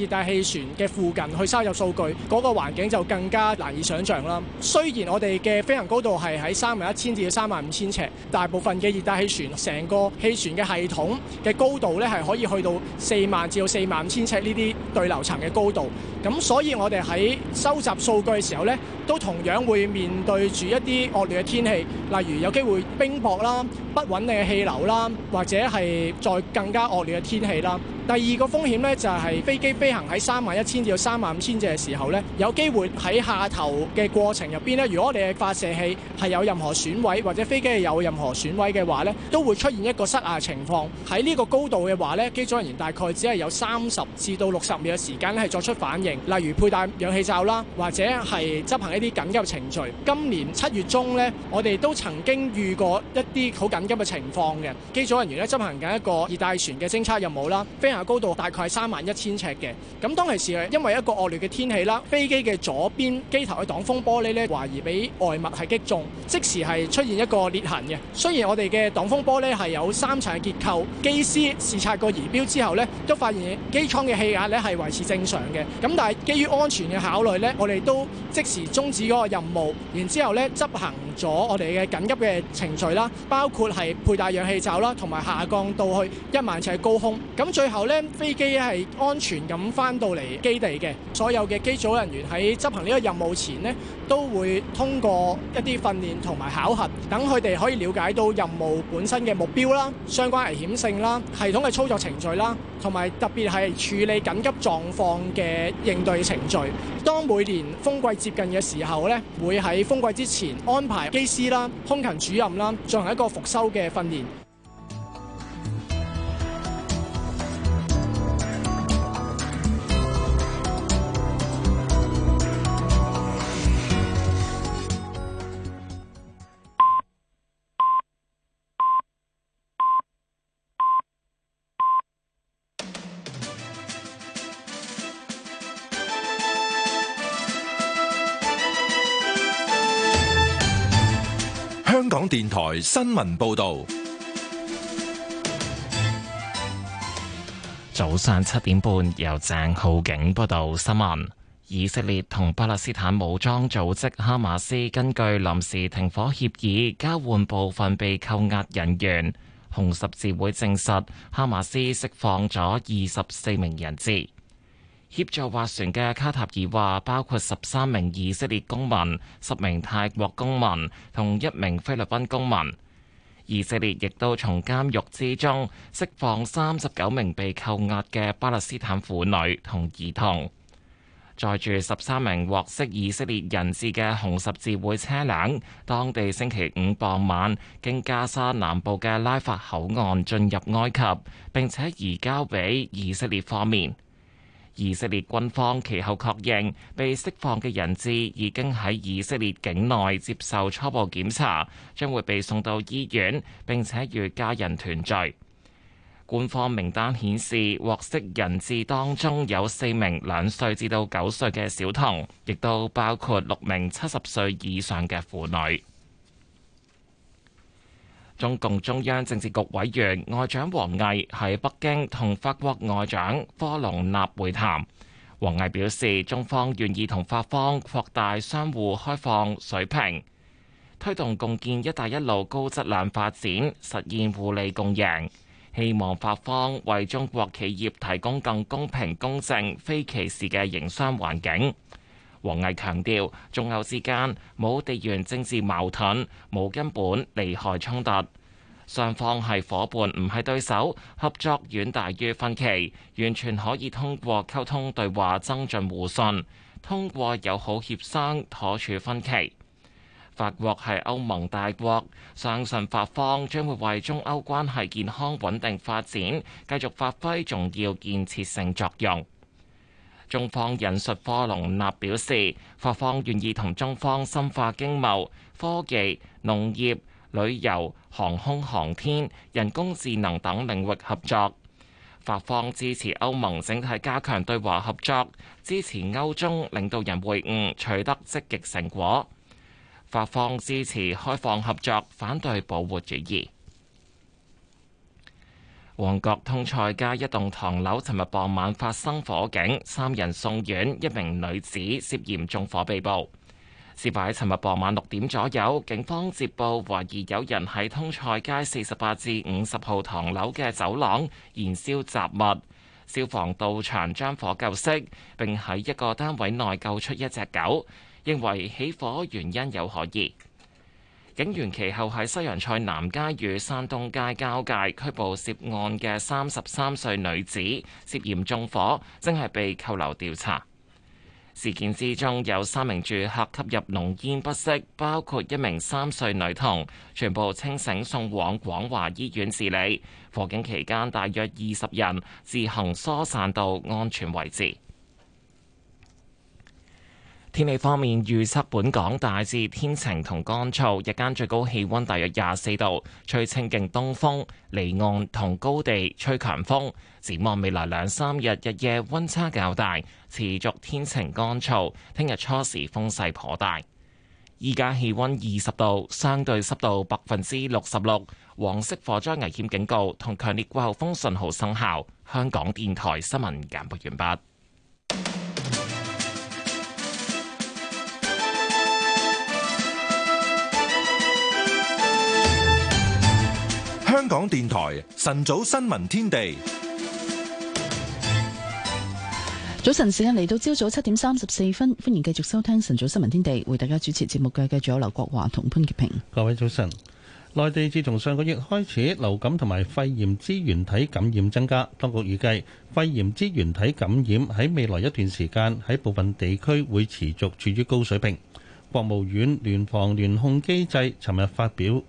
熱帶氣旋嘅附近去收入數據，嗰個環境就更加難以想像啦。雖然我哋嘅飛行高度係喺三萬一千至到三萬五千尺，大部分嘅熱帶氣旋成個氣旋嘅系統嘅高度咧係可以去到四萬至到四萬五千尺呢啲對流層嘅高度。咁所以我哋喺收集數據嘅時候咧，都同樣會面對住一啲惡劣嘅天氣，例如有機會冰雹啦、不穩定嘅氣流啦，或者係再更加惡劣嘅天氣啦。第二個風險咧就係飛機飛飛行喺三萬一千至到三萬五千呎嘅時候呢，有機會喺下頭嘅過程入邊呢，如果你嘅發射器係有任何損毀，或者飛機有任何損毀嘅話呢，都會出現一個失壓情況。喺呢個高度嘅話呢，機組人員大概只係有三十至到六十秒嘅時間咧，係作出反應，例如佩戴氧氣罩啦，或者係執行一啲緊急程序。今年七月中呢，我哋都曾經遇過一啲好緊急嘅情況嘅機組人員咧，執行緊一個熱帶船嘅偵測任務啦，飛行高度大概係三萬一千尺嘅。咁當其時啊，因為一個惡劣嘅天氣啦，飛機嘅左邊機頭嘅擋風玻璃咧，懷疑俾外物係擊中，即時係出現一個裂痕嘅。雖然我哋嘅擋風玻璃係有三層嘅結構，機師視察過儀表之後咧，都發現機艙嘅氣壓咧係維持正常嘅。咁但係基於安全嘅考慮咧，我哋都即時終止嗰個任務，然之後咧執行，咗我哋嘅緊急嘅程序啦，包括係佩戴氧氣罩啦，同埋下降到去一萬尺高空。咁最後咧，飛機係安全咁翻到嚟基地嘅。所有嘅機組人員喺執行呢個任務前咧，都會通過一啲訓練同埋考核。等佢哋可以了解到任務本身嘅目標啦、相關危險性啦、系統嘅操作程序啦，同埋特別係處理緊急狀況嘅應對程序。當每年風季接近嘅時候咧，會喺風季之前安排機師啦、空勤主任啦，進行一個復修嘅訓練。電台新聞報道：早上七點半，由鄭浩景報道新聞。以色列同巴勒斯坦武裝組織哈馬斯根據臨時停火協議，交換部分被扣押人員。紅十字會證實，哈馬斯釋放咗二十四名人質。協助斡旋嘅卡塔爾話，包括十三名以色列公民、十名泰國公民同一名菲律賓公民。以色列亦都從監獄之中釋放三十九名被扣押嘅巴勒斯坦婦女同兒童。載住十三名獲釋以色列人質嘅紅十字會車輛，當地星期五傍晚經加沙南部嘅拉法口岸進入埃及，並且移交俾以色列方面。以色列軍方其後確認，被釋放嘅人質已經喺以色列境內接受初步檢查，將會被送到醫院，並且與家人團聚。官方名單顯示，獲釋人質當中有四名兩歲至到九歲嘅小童，亦都包括六名七十歲以上嘅婦女。中共中央政治局委員外長王毅喺北京同法國外長科隆納會談，王毅表示，中方願意同法方擴大相互開放水平，推動共建「一帶一路」高質量發展，實現互利共贏，希望法方為中國企業提供更公平、公正、非歧視嘅營商環境。王毅強調，中歐之間冇地緣政治矛盾，冇根本利害衝突，雙方係夥伴唔係對手，合作遠大於分歧，完全可以通過溝通對話增進互信，通過友好協商妥處分歧。法國係歐盟大國，相信法方將會為中歐關係健康穩定發展繼續發揮重要建設性作用。中方引述科隆納表示，法方願意同中方深化經貿、科技、農業、旅遊、航空、航天、人工智能等領域合作。法方支持歐盟整體加強對華合作，支持歐中領導人會晤取得積極成果。法方支持開放合作，反對保護主義。旺角通菜街一棟唐樓，尋日傍晚發生火警，三人送院，一名女子涉嫌縱火被捕。事發喺尋日傍晚六點左右，警方接報懷疑有人喺通菜街四十八至五十號唐樓嘅走廊燃燒雜物，消防到場將火救熄，並喺一個單位內救出一隻狗，認為起火原因有可疑。警員其後喺西洋菜南街與山東街交界拘捕涉案嘅三十三歲女子，涉嫌縱火，正係被扣留調查。事件之中有三名住客吸入濃煙不適，包括一名三歲女童，全部清醒，送往廣華醫院治理。火警期間大約二十人自行疏散到安全位置。天氣方面預測，本港大致天晴同乾燥，日間最高氣温大約廿四度，吹清勁東風，離岸同高地吹強風。展望未來兩三日，日夜温差較大，持續天晴乾燥。聽日初時風勢頗大。依家氣温二十度，相對濕度百分之六十六，黃色火災危險警告同強烈季候風信號生效。香港電台新聞簡播完畢。港電台晨早新聞天地，早晨。時間嚟到朝早七點三十四分，歡迎繼續收聽晨早新聞天地，為大家主持節目嘅繼續有劉國華同潘潔平。各位早晨，內地自從上個月開始，流感同埋肺炎支原體感染增加，當局預計肺炎支原體感染喺未來一段時間喺部分地區會持續處於高水平。國務院聯防聯控機制尋日發表，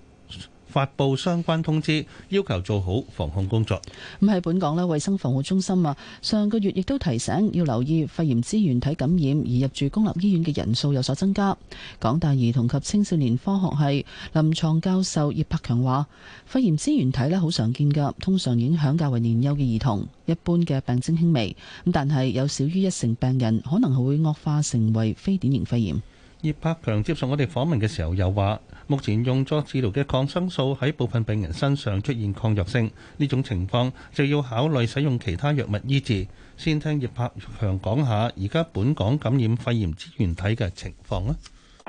發佈相關通知，要求做好防控工作。咁喺本港呢，衛生防護中心啊，上個月亦都提醒要留意肺炎支原體感染而入住公立醫院嘅人數有所增加。港大兒童及青少年科學系臨床教授葉柏強話：肺炎支原體呢好常見噶，通常影響較為年幼嘅兒童，一般嘅病徵輕微，咁但係有少於一成病人可能係會惡化成為非典型肺炎。葉柏強接受我哋訪問嘅時候又話：目前用作治療嘅抗生素喺部分病人身上出現抗藥性，呢種情況就要考慮使用其他藥物醫治。先聽葉柏強講下而家本港感染肺炎支原體嘅情況啦。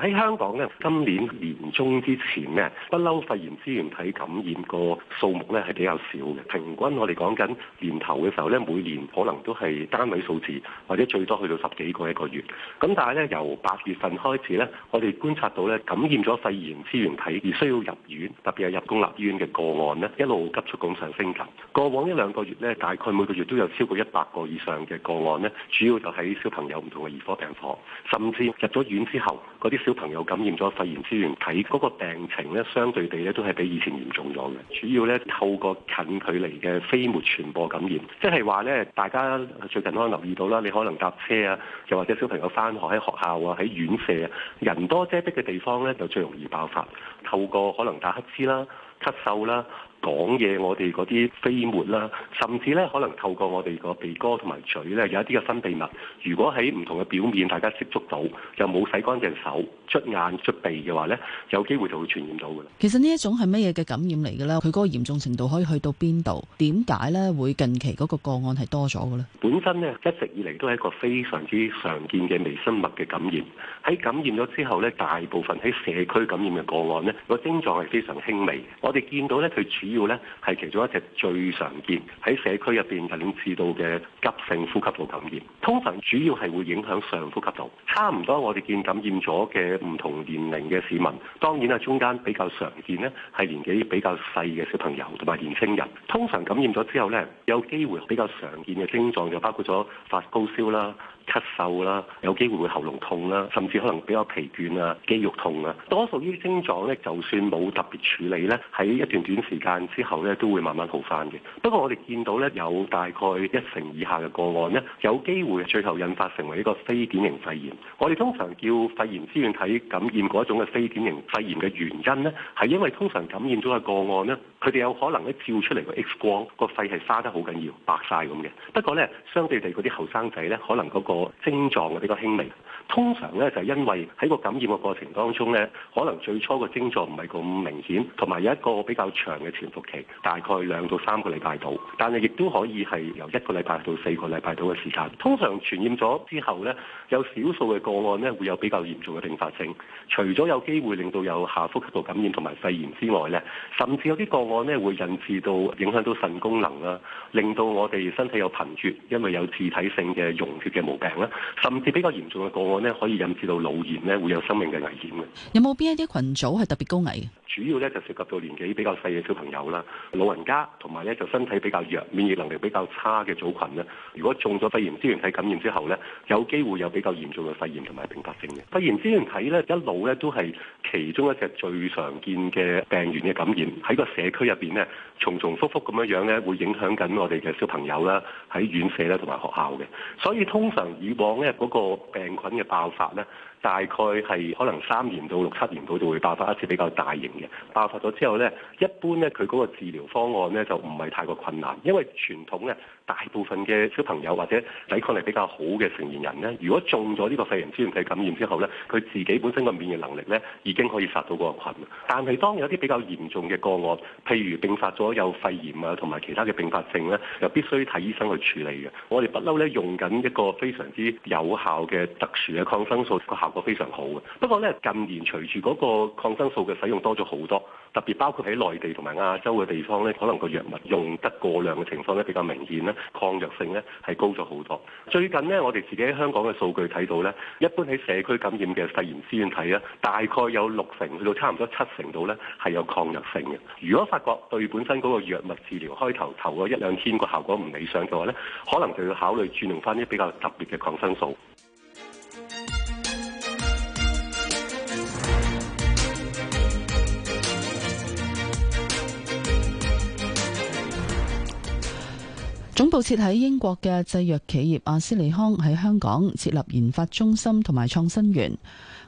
喺香港咧，今年年中之前咧，不嬲肺炎支原體感染個數目咧係比較少嘅。平均我哋講緊年頭嘅時候咧，每年可能都係單位數字，或者最多去到十幾個一個月。咁但係咧，由八月份開始咧，我哋觀察到咧，感染咗肺炎支原體而需要入院，特別係入公立醫院嘅個案咧，一路急速咁上升級。過往一兩個月咧，大概每個月都有超過一百個以上嘅個案咧，主要就喺小朋友唔同嘅兒科病房，甚至入咗院之後嗰啲小朋友感染咗肺炎之餘，睇嗰個病情咧，相對地咧都係比以前嚴重咗嘅。主要咧透過近距離嘅飛沫傳播感染，即係話咧，大家最近可能留意到啦，你可能搭車啊，又或者小朋友翻學喺學校啊，喺院舍啊，人多擠迫嘅地方咧就最容易爆發。透過可能打乞嗤啦、咳嗽啦。講嘢，我哋嗰啲飛沫啦，甚至咧可能透過我哋個鼻哥同埋嘴咧，有一啲嘅分泌物，如果喺唔同嘅表面大家接觸到，又冇洗乾淨手、捽眼、捽鼻嘅話咧，有機會就會傳染到㗎啦。其實呢一種係乜嘢嘅感染嚟嘅咧？佢嗰個嚴重程度可以去到邊度？點解咧會近期嗰個個案係多咗嘅咧？本身咧一直以嚟都係一個非常之常見嘅微生物嘅感染。喺感染咗之後咧，大部分喺社區感染嘅個案咧，個症狀係非常輕微。我哋見到咧，佢主要咧係其中一隻最常見喺社區入邊引致到嘅急性呼吸道感染，通常主要係會影響上呼吸道。差唔多我哋見感染咗嘅唔同年齡嘅市民，當然啊，中間比較常見呢係年紀比較細嘅小朋友同埋年輕人。通常感染咗之後呢，有機會比較常見嘅症狀就包括咗發高燒啦。咳嗽啦，有機會會喉嚨痛啦，甚至可能比較疲倦啊、肌肉痛啊。多數啲症狀咧，就算冇特別處理咧，喺一段短時間之後咧，都會慢慢好翻嘅。不過我哋見到咧，有大概一成以下嘅個案咧，有機會最後引發成為一個非典型肺炎。我哋通常叫肺炎支原體感染嗰一種嘅非典型肺炎嘅原因咧，係因為通常感染咗嘅個案咧，佢哋有可能咧照出嚟個 X 光個肺係沙得好緊要白晒咁嘅。不過咧，相對地嗰啲後生仔咧，可能嗰、那個個症狀比較輕微。通常咧就係、是、因為喺個感染嘅過程當中咧，可能最初個症狀唔係咁明顯，同埋有一個比較長嘅潛伏期，大概兩到三個禮拜度。但係亦都可以係由一個禮拜到四個禮拜度嘅時間。通常傳染咗之後咧，有少數嘅個案咧會有比較嚴重嘅併發症，除咗有機會令到有下呼吸道感染同埋肺炎之外咧，甚至有啲個案咧會引致到影響到腎功能啦，令到我哋身體有貧血，因為有自體性嘅溶血嘅毛病啦，甚至比較嚴重嘅我咧可以引致到腦炎咧，會有生命嘅危險嘅。有冇邊一啲群組係特別高危？主要咧就涉及到年紀比較細嘅小朋友啦、老人家，同埋咧就身體比較弱、免疫能力比較差嘅組群咧。如果中咗肺炎支原體感染之後咧，有機會有比較嚴重嘅肺炎同埋併發症嘅。肺炎支原體咧，一路咧都係其中一隻最常見嘅病原嘅感染，喺個社區入邊咧，重重複複咁樣樣咧，會影響緊我哋嘅小朋友啦，喺院舍咧同埋學校嘅。所以通常以往咧嗰個病菌嘅爆發咧，大概係可能三年到六七年度就會爆發一次比較大型嘅爆發咗之後咧，一般咧佢嗰個治療方案咧就唔係太過困難，因為傳統咧。大部分嘅小朋友或者抵抗力比較好嘅成年人咧，如果中咗呢個肺炎支原體感染之後咧，佢自己本身嘅免疫能力咧已經可以殺到嗰個菌。但係當有啲比較嚴重嘅個案，譬如併發咗有肺炎啊、同埋其他嘅併發症咧，又必須睇醫生去處理嘅。我哋不嬲咧用緊一個非常之有效嘅特殊嘅抗生素，個效果非常好嘅。不過咧，近年隨住嗰個抗生素嘅使用多咗好多。特別包括喺內地同埋亞洲嘅地方咧，可能個藥物用得過量嘅情況咧比較明顯咧，抗藥性咧係高咗好多。最近呢，我哋自己喺香港嘅數據睇到咧，一般喺社區感染嘅肺炎資源睇咧，大概有六成去到差唔多七成度咧係有抗藥性嘅。如果發覺對本身嗰個藥物治療開頭頭嗰一兩天個效果唔理想嘅話咧，可能就要考慮轉用翻啲比較特別嘅抗生素。總部設喺英國嘅製藥企業阿斯利康喺香港設立研發中心同埋創新園。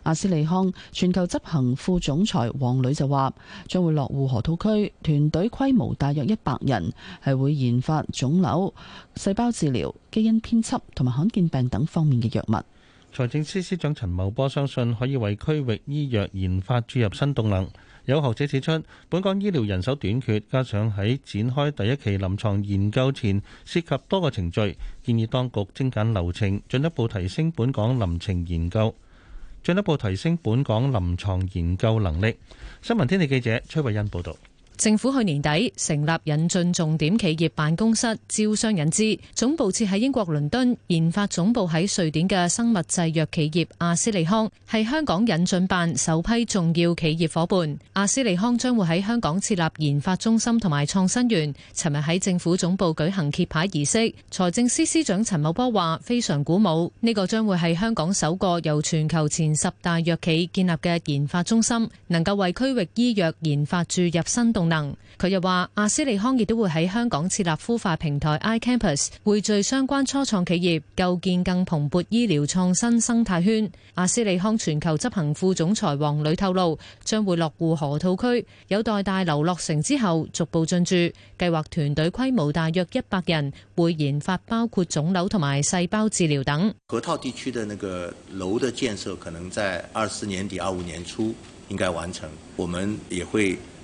阿斯利康全球執行副總裁王磊就話，將會落戶河套區，團隊規模大約一百人，係會研發腫瘤、細胞治療、基因編輯同埋罕見病等方面嘅藥物。財政司司長陳茂波相信可以為區域醫藥研發注入新動能。有學者指出，本港醫療人手短缺，加上喺展開第一期臨床研究前涉及多個程序，建議當局精簡流程，進一步提升本港臨床研究，進一步提升本港臨床研究能力。新聞天地記者崔慧欣報道。政府去年底成立引進重點企業辦公室招商引資，總部設喺英國倫敦，研發總部喺瑞典嘅生物製藥企業阿斯利康係香港引進辦首批重要企業伙伴。阿斯利康將會喺香港設立研發中心同埋創新園。尋日喺政府總部舉行揭牌儀式，財政司司長陳茂波話：非常鼓舞，呢、這個將會係香港首個由全球前十大藥企建立嘅研發中心，能夠為區域醫藥研發注入新動。能佢又話，阿斯利康亦都會喺香港設立孵化平台 iCampus，匯聚相關初創企業，構建更蓬勃醫療創新生態圈。阿斯利康全球執行副總裁王磊透露，將會落戶河套區，有待大樓落成之後逐步進駐。計劃團隊規模大約一百人，會研發包括腫瘤同埋細胞治療等。河套地區的那個樓的建設可能在二四年底、二五年初應該完成，我們也會。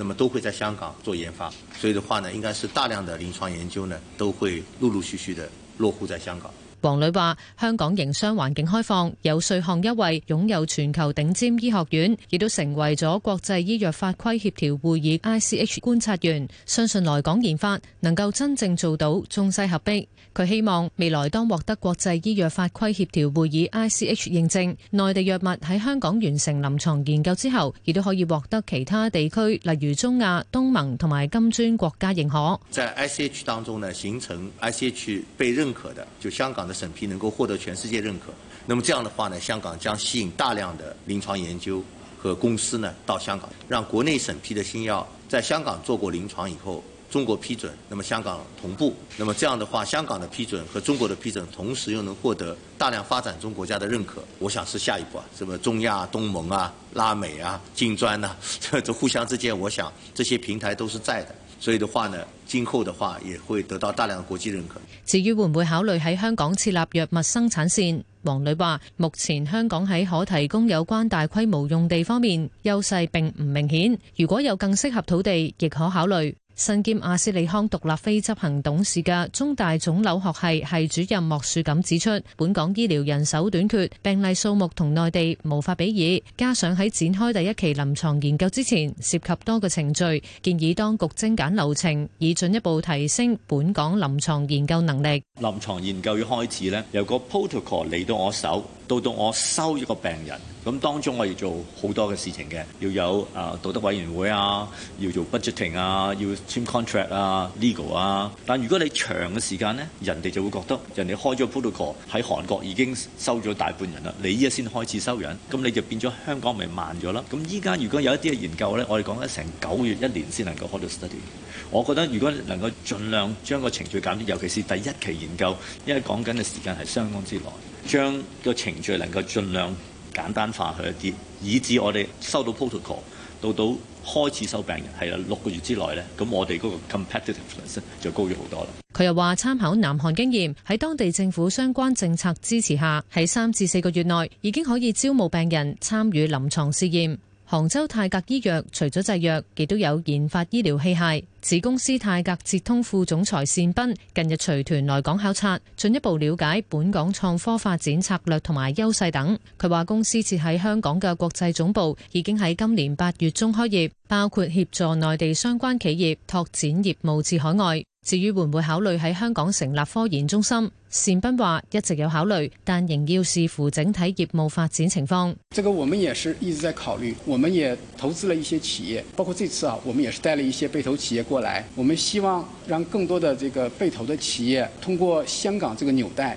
那麼都會在香港做研發，所以的話呢，應該是大量的臨床研究呢，都會陸陸續續的落戶在香港。王磊話：香港營商環境開放，有稅項優惠，擁有全球頂尖醫學院，亦都成為咗國際醫藥法規協，協調會議 ICH 觀察員，相信來港研發能夠真正做到中西合璧。佢希望未來當獲得國際醫藥法規協調會議 ICH 認證，內地藥物喺香港完成臨床研究之後，亦都可以獲得其他地區，例如中亞、東盟同埋金磚國家認可。在 ICH 當中呢，形成 ICH 被認可的，就香港的審批能夠獲得全世界認可。那麼這樣的話呢，香港將吸引大量的臨床研究和公司呢到香港，讓國內審批的新藥在香港做過臨床以後。中國批准，那麼香港同步，那麼這樣的話，香港的批准和中國的批准同時又能獲得大量發展中國家的認可。我想是下一步，啊，什麼中亞、東盟啊、拉美啊、金磚啊，這 這互相之間，我想這些平台都是在的，所以的話呢，今後的話也會得到大量國際認可。至於會唔會考慮喺香港設立藥物生產線？王磊話：目前香港喺可提供有關大規模用地方面優勢並唔明顯，如果有更適合土地，亦可考慮。身兼阿斯利康獨立非執行董事嘅中大腫瘤學系系主任莫樹錦指出，本港醫療人手短缺，病例數目同內地無法比擬，加上喺展開第一期臨床研究之前，涉及多個程序，建議當局精簡流程，以進一步提升本港臨床研究能力。臨床研究要開始咧，由個 protocol 嚟到我手，到到我收一個病人，咁當中我要做好多嘅事情嘅，要有啊道德委員會啊，要做 budgeting 啊，要 contract 啊，legal 啊，但如果你長嘅時間呢，人哋就會覺得人哋開咗 protocol 喺韓國已經收咗大半人啦，你依家先開始收人，咁你就變咗香港咪慢咗啦。咁依家如果有一啲嘅研究呢，我哋講緊成九月一年先能夠開到 study，我覺得如果能夠盡量將個程序減啲，尤其是第一期研究，因為講緊嘅時間係相當之耐，將個程序能夠盡量簡單化佢一啲，以至我哋收到 protocol 到到。開始收病人，係啦，六個月之內咧，咁我哋嗰個 competitiveness 就高咗好多啦。佢又話參考南韓經驗，喺當地政府相關政策支持下，喺三至四個月內已經可以招募病人參與臨床試驗。杭州泰格醫藥除咗製藥，亦都有研發醫療器械。子公司泰格捷通副總裁善斌近日隨團來港考察，進一步了解本港創科發展策略同埋優勢等。佢話公司設喺香港嘅國際總部已經喺今年八月中開業，包括協助內地相關企業拓展業務至海外。至於會唔會考慮喺香港成立科研中心？善斌話：一直有考慮，但仍要視乎整體業務發展情況。這個我們也是一直在考慮，我們也投資了一些企業，包括這次啊，我們也是帶了一些被投企業過來。我們希望讓更多的這個被投的企業通過香港這個紐帶。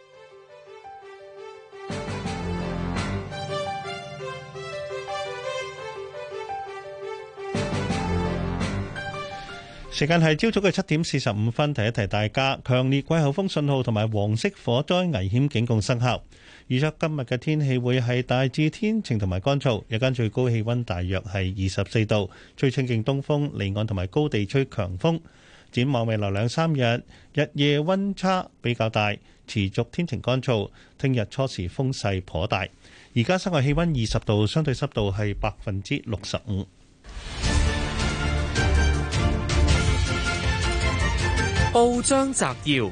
時間係朝早嘅七點四十五分，提一提大家，強烈季候風信號同埋黃色火災危險警告生效。預測今日嘅天氣會係大致天晴同埋乾燥，日間最高氣溫大約係二十四度，吹清勁東風，離岸同埋高地吹強風。展望未來兩三日，日夜温差比較大，持續天晴乾燥。聽日初時風勢頗大，而家室外氣溫二十度，相對濕度係百分之六十五。報章摘要：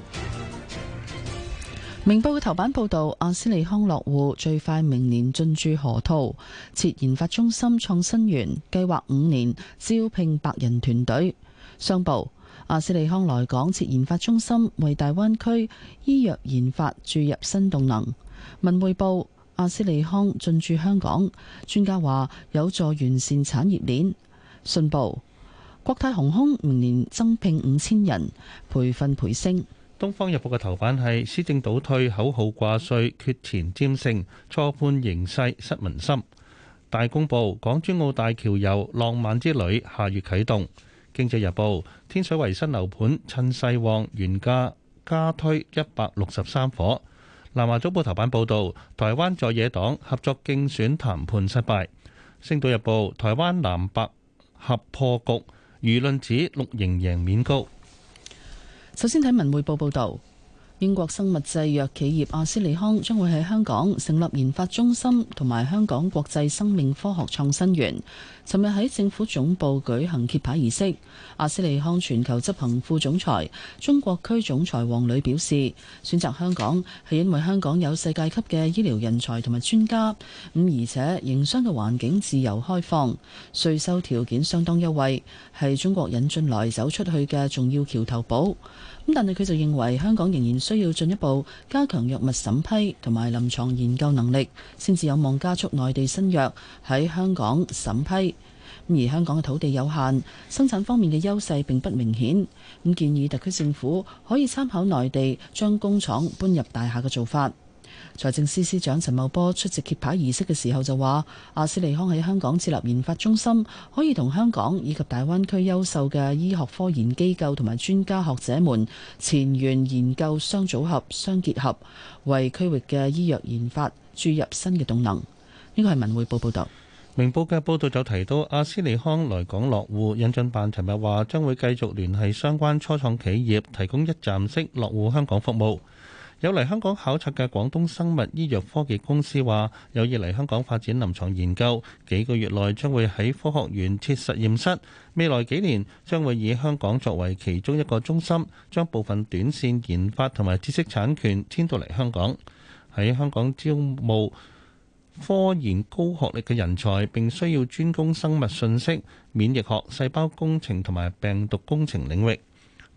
明報嘅頭版報道，阿斯利康落戶最快明年進駐河套設研發中心創新園，計劃五年招聘百人團隊。商報：阿斯利康來港設研發中心，為大灣區醫藥研發注入新動能。文匯報：阿斯利康進駐香港，專家話有助完善產業鏈。信報。國泰航空明年增聘五千人，培訓培升。東方日報嘅頭版係施政倒退，口號掛帥，缺錢佔勝，錯判形勢，失民心。大公報：港珠澳大橋遊浪漫之旅，下月啟動。經濟日報：天水圍新樓盤趁勢旺，原價加推一百六十三伙。南華早報頭版報道：台灣在野黨合作競選談判失敗。星島日報：台灣藍白合破局。輿論指綠營贏面高，首先睇文匯報報道。英國生物製藥企業阿斯利康將會喺香港成立研發中心，同埋香港國際生命科學創新園。尋日喺政府總部舉行揭牌儀式。阿斯利康全球執行副總裁、中國區總裁王磊表示：選擇香港係因為香港有世界級嘅醫療人才同埋專家，咁而且營商嘅環境自由開放，稅收條件相當優惠，係中國引進來走出去嘅重要橋頭堡。咁但係佢就認為香港仍然需要進一步加強藥物審批同埋臨床研究能力，先至有望加速內地新藥喺香港審批。而香港嘅土地有限，生產方面嘅優勢並不明顯。咁建議特區政府可以參考內地將工廠搬入大廈嘅做法。財政司司長陳茂波出席揭牌儀式嘅時候就話：阿斯利康喺香港設立研發中心，可以同香港以及大灣區優秀嘅醫學科研機構同埋專家學者們前沿研究相組合、相結合，為區域嘅醫藥研發注入新嘅動能。呢個係文匯報報道。明報嘅報導就提到阿斯利康來港落戶，引進辦尋日話將會繼續聯繫相關初創企業，提供一站式落戶香港服務。有嚟香港考察嘅廣東生物醫藥科技公司話有意嚟香港發展臨床研究，幾個月內將會喺科學園設實驗室，未來幾年將會以香港作為其中一個中心，將部分短線研發同埋知識產權遷到嚟香港，喺香港招募科研高學歷嘅人才，並需要專攻生物信息、免疫學、細胞工程同埋病毒工程領域。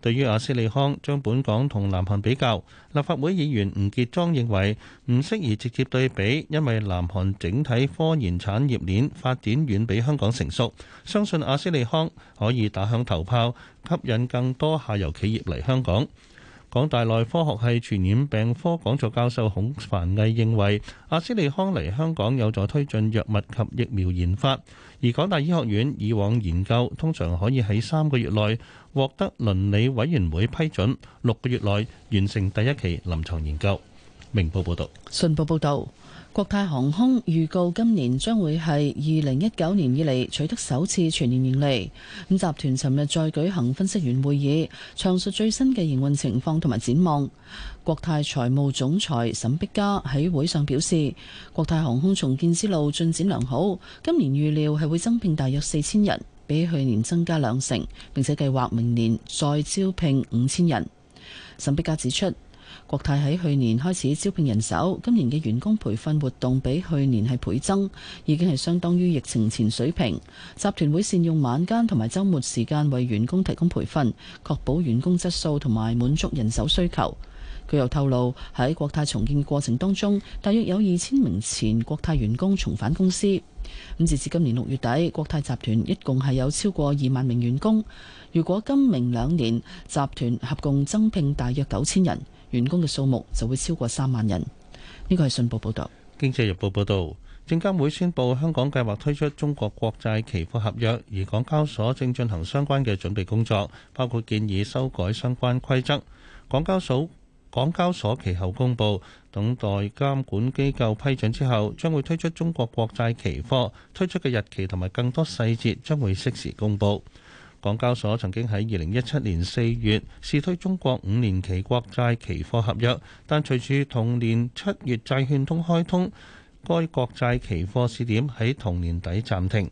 對於阿斯利康將本港同南韓比較，立法會議員吳傑莊認為唔適宜直接對比，因為南韓整體科研產業鏈發展遠比香港成熟。相信阿斯利康可以打響頭炮，吸引更多下游企業嚟香港。港大內科學系傳染病科講座教授孔繁毅認為，阿斯利康嚟香港有助推進藥物及疫苗研發，而港大醫學院以往研究通常可以喺三個月內。獲得倫理委員會批准，六個月內完成第一期臨床研究。明報報道，信報報道，國泰航空預告今年將會係二零一九年以嚟取得首次全年盈利。集團尋日再舉行分析員會議，詳述最新嘅營運情況同埋展望。國泰財務總裁沈碧嘉喺會上表示，國泰航空重建之路進展良好，今年預料係會增聘大約四千人。比去年增加兩成，並且計劃明年再招聘五千人。沈碧嘉指出，國泰喺去年開始招聘人手，今年嘅員工培訓活動比去年係倍增，已經係相當於疫情前水平。集團會善用晚間同埋週末時間為員工提供培訓，確保員工質素同埋滿足人手需求。佢又透露喺國泰重建過程當中，大約有二千名前國泰員工重返公司。咁截至今年六月底，國泰集團一共係有超過二萬名員工。如果今明兩年集團合共增聘大約九千人，員工嘅數目就會超過三萬人。呢個係信報報道，《經濟日報》報道，證監會宣布香港計劃推出中國國債期貨合約，而港交所正進行相關嘅準備工作，包括建議修改相關規則。港交所。港交所其後公布，等待監管機構批准之後，將會推出中國國債期貨。推出嘅日期同埋更多細節將會適時公布。港交所曾經喺二零一七年四月試推中國五年期國債期貨合約，但隨住同年七月債券通開通，該國債期貨試點喺同年底暫停。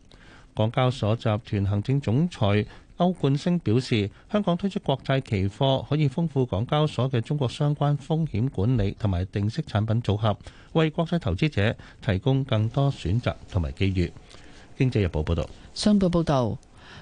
港交所集團行政總裁。歐冠昇表示，香港推出國際期貨可以豐富港交所嘅中國相關風險管理同埋定息產品組合，為國際投資者提供更多選擇同埋機遇。經濟日報報道，商報報道，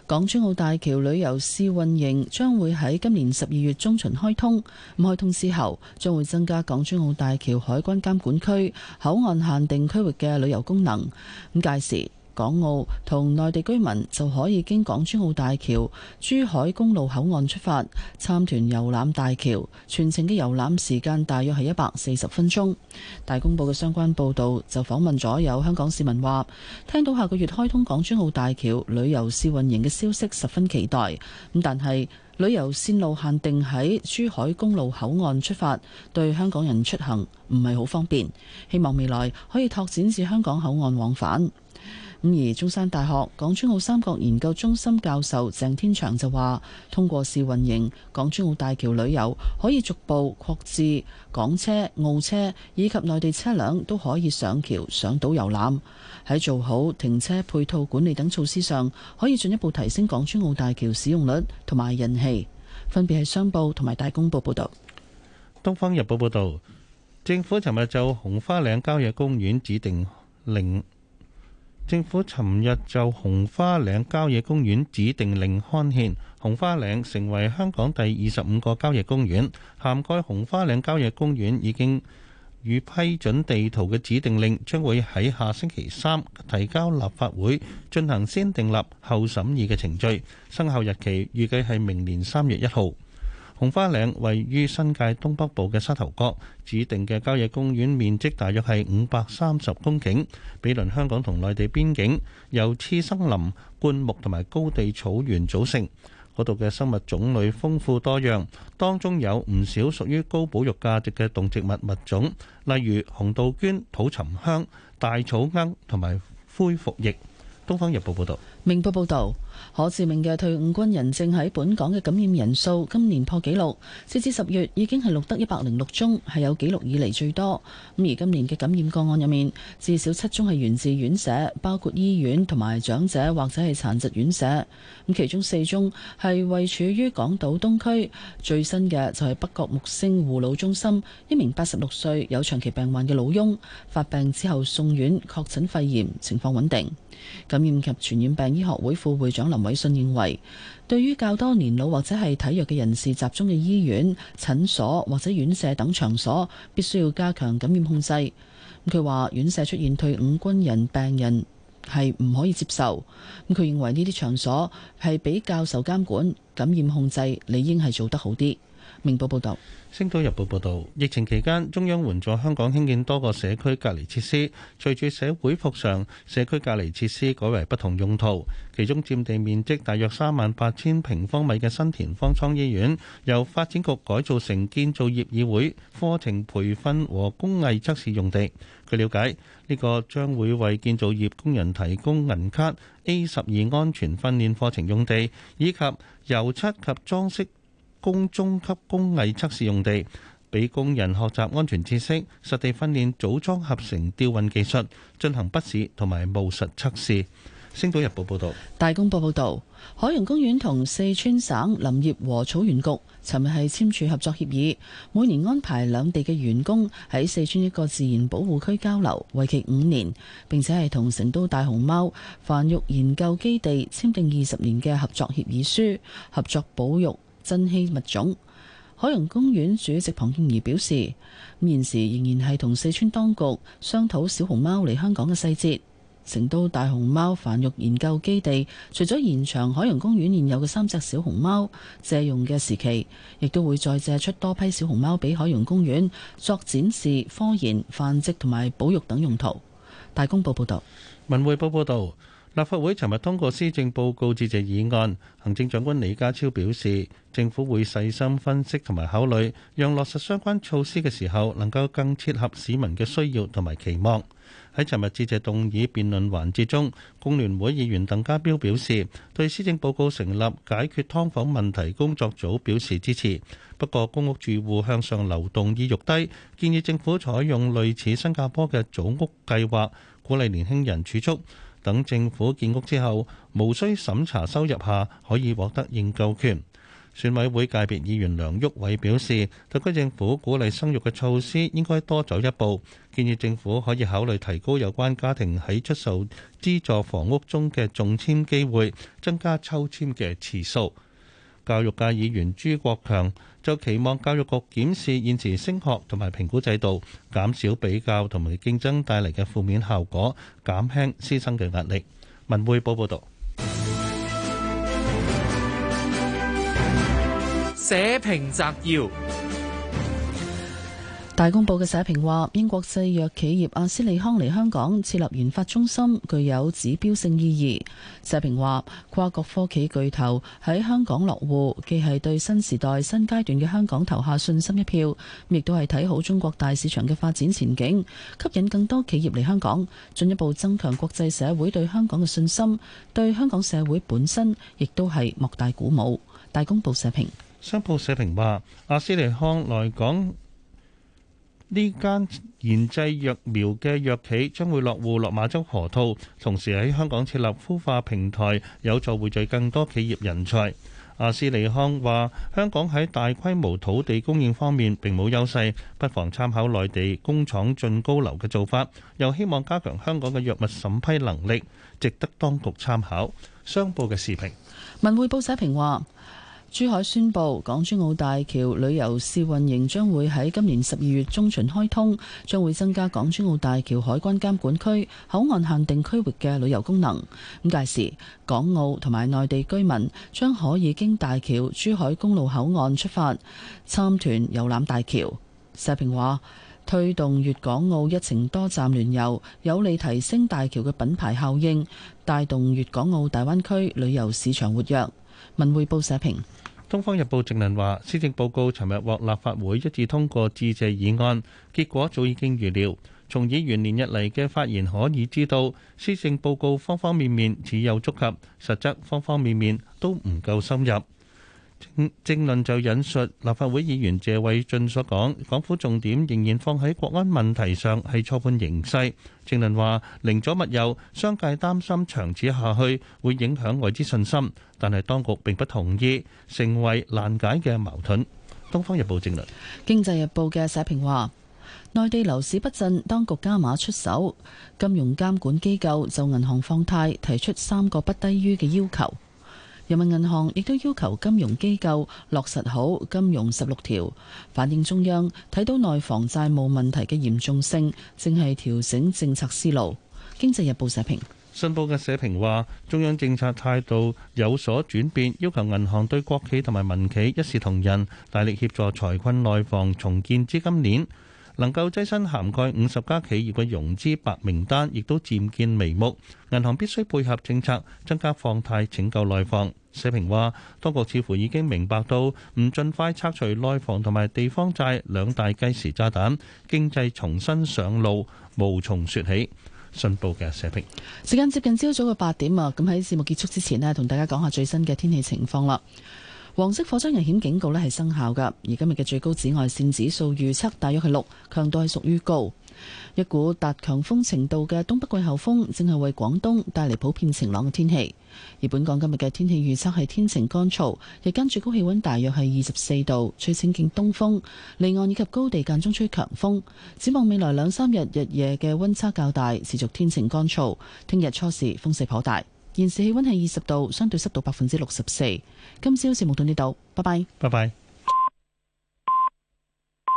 港珠澳大橋旅遊試運營將會喺今年十二月中旬開通。咁開通之後，將會增加港珠澳大橋海關監管區口岸限定區域嘅旅遊功能。咁屆時。港澳同內地居民就可以經港珠澳大橋珠海公路口岸出發參團遊覽大橋，全程嘅遊覽時間大約係一百四十分鐘。大公報嘅相關報道就訪問咗有香港市民話，聽到下個月開通港珠澳大橋旅遊試運營嘅消息，十分期待。咁但係旅遊線路限定喺珠海公路口岸出發，對香港人出行唔係好方便。希望未來可以拓展至香港口岸往返。咁而中山大學港珠澳三角研究中心教授鄭天祥就話，通過試運營，港珠澳大橋旅遊可以逐步擴至港車、澳車以及內地車輛都可以上橋上島遊覽。喺做好停車配套管理等措施上，可以進一步提升港珠澳大橋使用率同埋人氣。分別係商報同埋大公報報道。東方日報報道，政府尋日就紅花嶺郊野公園指定令。政府尋日就紅花嶺郊野公園指定令刊憲，紅花嶺成為香港第二十五個郊野公園。涵蓋紅花嶺郊野公園已經預批准地圖嘅指定令，將會喺下星期三提交立法會進行先訂立後審議嘅程序，生效日期預計係明年三月一號。紅花嶺位於新界東北部嘅沙頭角，指定嘅郊野公園面積大約係五百三十公頃，毗鄰香港同內地邊境，由次生林、灌木同埋高地草原組成。嗰度嘅生物種類豐富多樣，當中有唔少屬於高保育價值嘅動植物物種，例如紅杜鵑、土沉香、大草鶯同埋灰腹葉。東方日報報道，明報報道。可致命嘅退伍軍人症喺本港嘅感染人數今年破紀錄，截至十月已經係錄得一百零六宗，係有紀錄以嚟最多。咁而今年嘅感染個案入面，至少七宗係源自院舍，包括醫院同埋長者或者係殘疾院舍。咁其中四宗係位處於港島東區，最新嘅就係北角木星護老中心一名八十六歲有長期病患嘅老翁發病之後送院確診肺炎，情況穩定。感染及傳染病醫學會副會長，林偉信認為，對於較多年老或者係體弱嘅人士集中嘅醫院、診所或者院舍等場所，必須要加強感染控制。佢話院舍出現退伍軍人病人係唔可以接受。佢認為呢啲場所係比較受監管，感染控制理應係做得好啲。明報報道，星島日報報道，疫情期間中央援助香港興建多個社區隔離設施，隨住社會復常，社區隔離設施改為不同用途。其中佔地面積大約三萬八千平方米嘅新田方艙醫院，由發展局改造成建造業議會課程培訓和工藝測試用地。據了解，呢、這個將會為建造業工人提供銀卡 A 十二安全訓練課程用地，以及油漆及裝飾。供中級工藝測試用地，俾工人學習安全知識，實地訓練組裝合成吊運技術，進行筆試同埋務實測試。星島日報報道，大公報報道，海洋公園同四川省林業和草原局尋日係簽署合作協議，每年安排兩地嘅員工喺四川一個自然保護區交流，為期五年。並且係同成都大熊貓繁育研究基地簽訂二十年嘅合作協議書，合作保育。珍稀物種。海洋公園主席龐健儀表示，現時仍然係同四川當局商討小熊貓嚟香港嘅細節。成都大熊貓繁育研究基地除咗延長海洋公園現有嘅三隻小熊貓借用嘅時期，亦都會再借出多批小熊貓俾海洋公園作展示、科研、繁殖同埋保育等用途。大公報報道，文匯報報道。立法會尋日通過施政報告致謝議案，行政長官李家超表示，政府會細心分析同埋考慮，讓落實相關措施嘅時候能夠更切合市民嘅需要同埋期望。喺尋日致謝動議辯論環節中，工聯會議員鄧家彪表示對施政報告成立解決劏房問題工作組表示支持，不過公屋住戶向上流動意欲低，建議政府採用類似新加坡嘅組屋計劃，鼓勵年輕人儲蓄。等政府建屋之後，無需審查收入下，可以獲得認購權。選委會界別議員梁毓偉表示，特區政府鼓勵生育嘅措施應該多走一步，建議政府可以考慮提高有關家庭喺出售資助房屋中嘅中籤機會，增加抽籤嘅次數。教育界議員朱國強，就期望教育局檢視現時升學同埋評估制度，減少比較同埋競爭帶嚟嘅負面效果，減輕師生嘅壓力。文匯報報導，社評摘要。大公報嘅社評話：英國製藥企業阿斯利康嚟香港設立研發中心，具有指標性意義。社評話，跨國科技巨頭喺香港落戶，既係對新時代新階段嘅香港投下信心一票，亦都係睇好中國大市場嘅發展前景，吸引更多企業嚟香港，進一步增強國際社會對香港嘅信心，對香港社會本身亦都係莫大鼓舞。大公報社評，商報社評話，阿斯利康來港。呢間研製藥苗嘅藥企將會落戶落馬洲河套，同時喺香港設立孵化平台，有助匯聚更多企業人才。阿斯利康話：香港喺大規模土地供應方面並冇優勢，不妨參考內地工廠進高樓嘅做法，又希望加強香港嘅藥物審批能力，值得當局參考。商報嘅視頻，文匯報社評話。珠海宣布，港珠澳大橋旅遊試運營將會喺今年十二月中旬開通，將會增加港珠澳大橋海關監管區口岸限定區域嘅旅遊功能。咁屆時，港澳同埋內地居民將可以經大橋珠海公路口岸出發參團遊覽大橋。社評話，推動粵港澳一程多站聯遊，有利提升大橋嘅品牌效應，帶動粵港澳大灣區旅遊市場活躍。文匯報社評。東方日報評論話：施政報告尋日獲立,立法會一致通過致謝議案，結果早已經預料。從議員連日嚟嘅發言可以知道，施政報告方方面面只有觸及，實質方方面面都唔夠深入。政，政論就引述立法會議員謝偉俊所講，港府重點仍然放喺國安問題上，係錯判形勢。政論話寧左勿右，商界擔心長此下去會影響外資信心，但係當局並不同意，成為難解嘅矛盾。《東方日報》政論，《經濟日報》嘅社評話，內地樓市不振，當局加碼出手，金融監管機構就銀行放貸提出三個不低於嘅要求。人民銀行亦都要求金融機構落實好金融十六條，反映中央睇到內房債務問題嘅嚴重性，正係調整政策思路。經濟日報社評，信報嘅社評話，中央政策態度有所轉變，要求銀行對國企同埋民企一視同仁，大力協助財困內房重建資金鏈。能夠躋身涵蓋五十家企業嘅融資白名單，亦都漸見眉目。銀行必須配合政策，增加放貸拯救內房。社評話，當局似乎已經明白到，唔盡快拆除內房同埋地方債兩大計時炸彈，經濟重新上路無從說起。信報嘅社評。時間接近朝早嘅八點啊，咁喺節目結束之前呢，同大家講下最新嘅天氣情況啦。黃色火災危險警告咧係生效噶，而今日嘅最高紫外線指數預測大約係六，強度係屬於高。一股達強風程度嘅東北季候風正係為廣東帶嚟普遍晴朗嘅天氣，而本港今日嘅天氣預測係天晴乾燥，日間最高氣溫大約係二十四度，吹清勁東風，離岸以及高地間中吹強風。展望未來兩三日日夜嘅溫差較大，持續天晴乾燥，聽日初時風勢頗大。現時氣溫係二十度，相對濕度百分之六十四。今朝節目到呢度，拜拜。拜拜。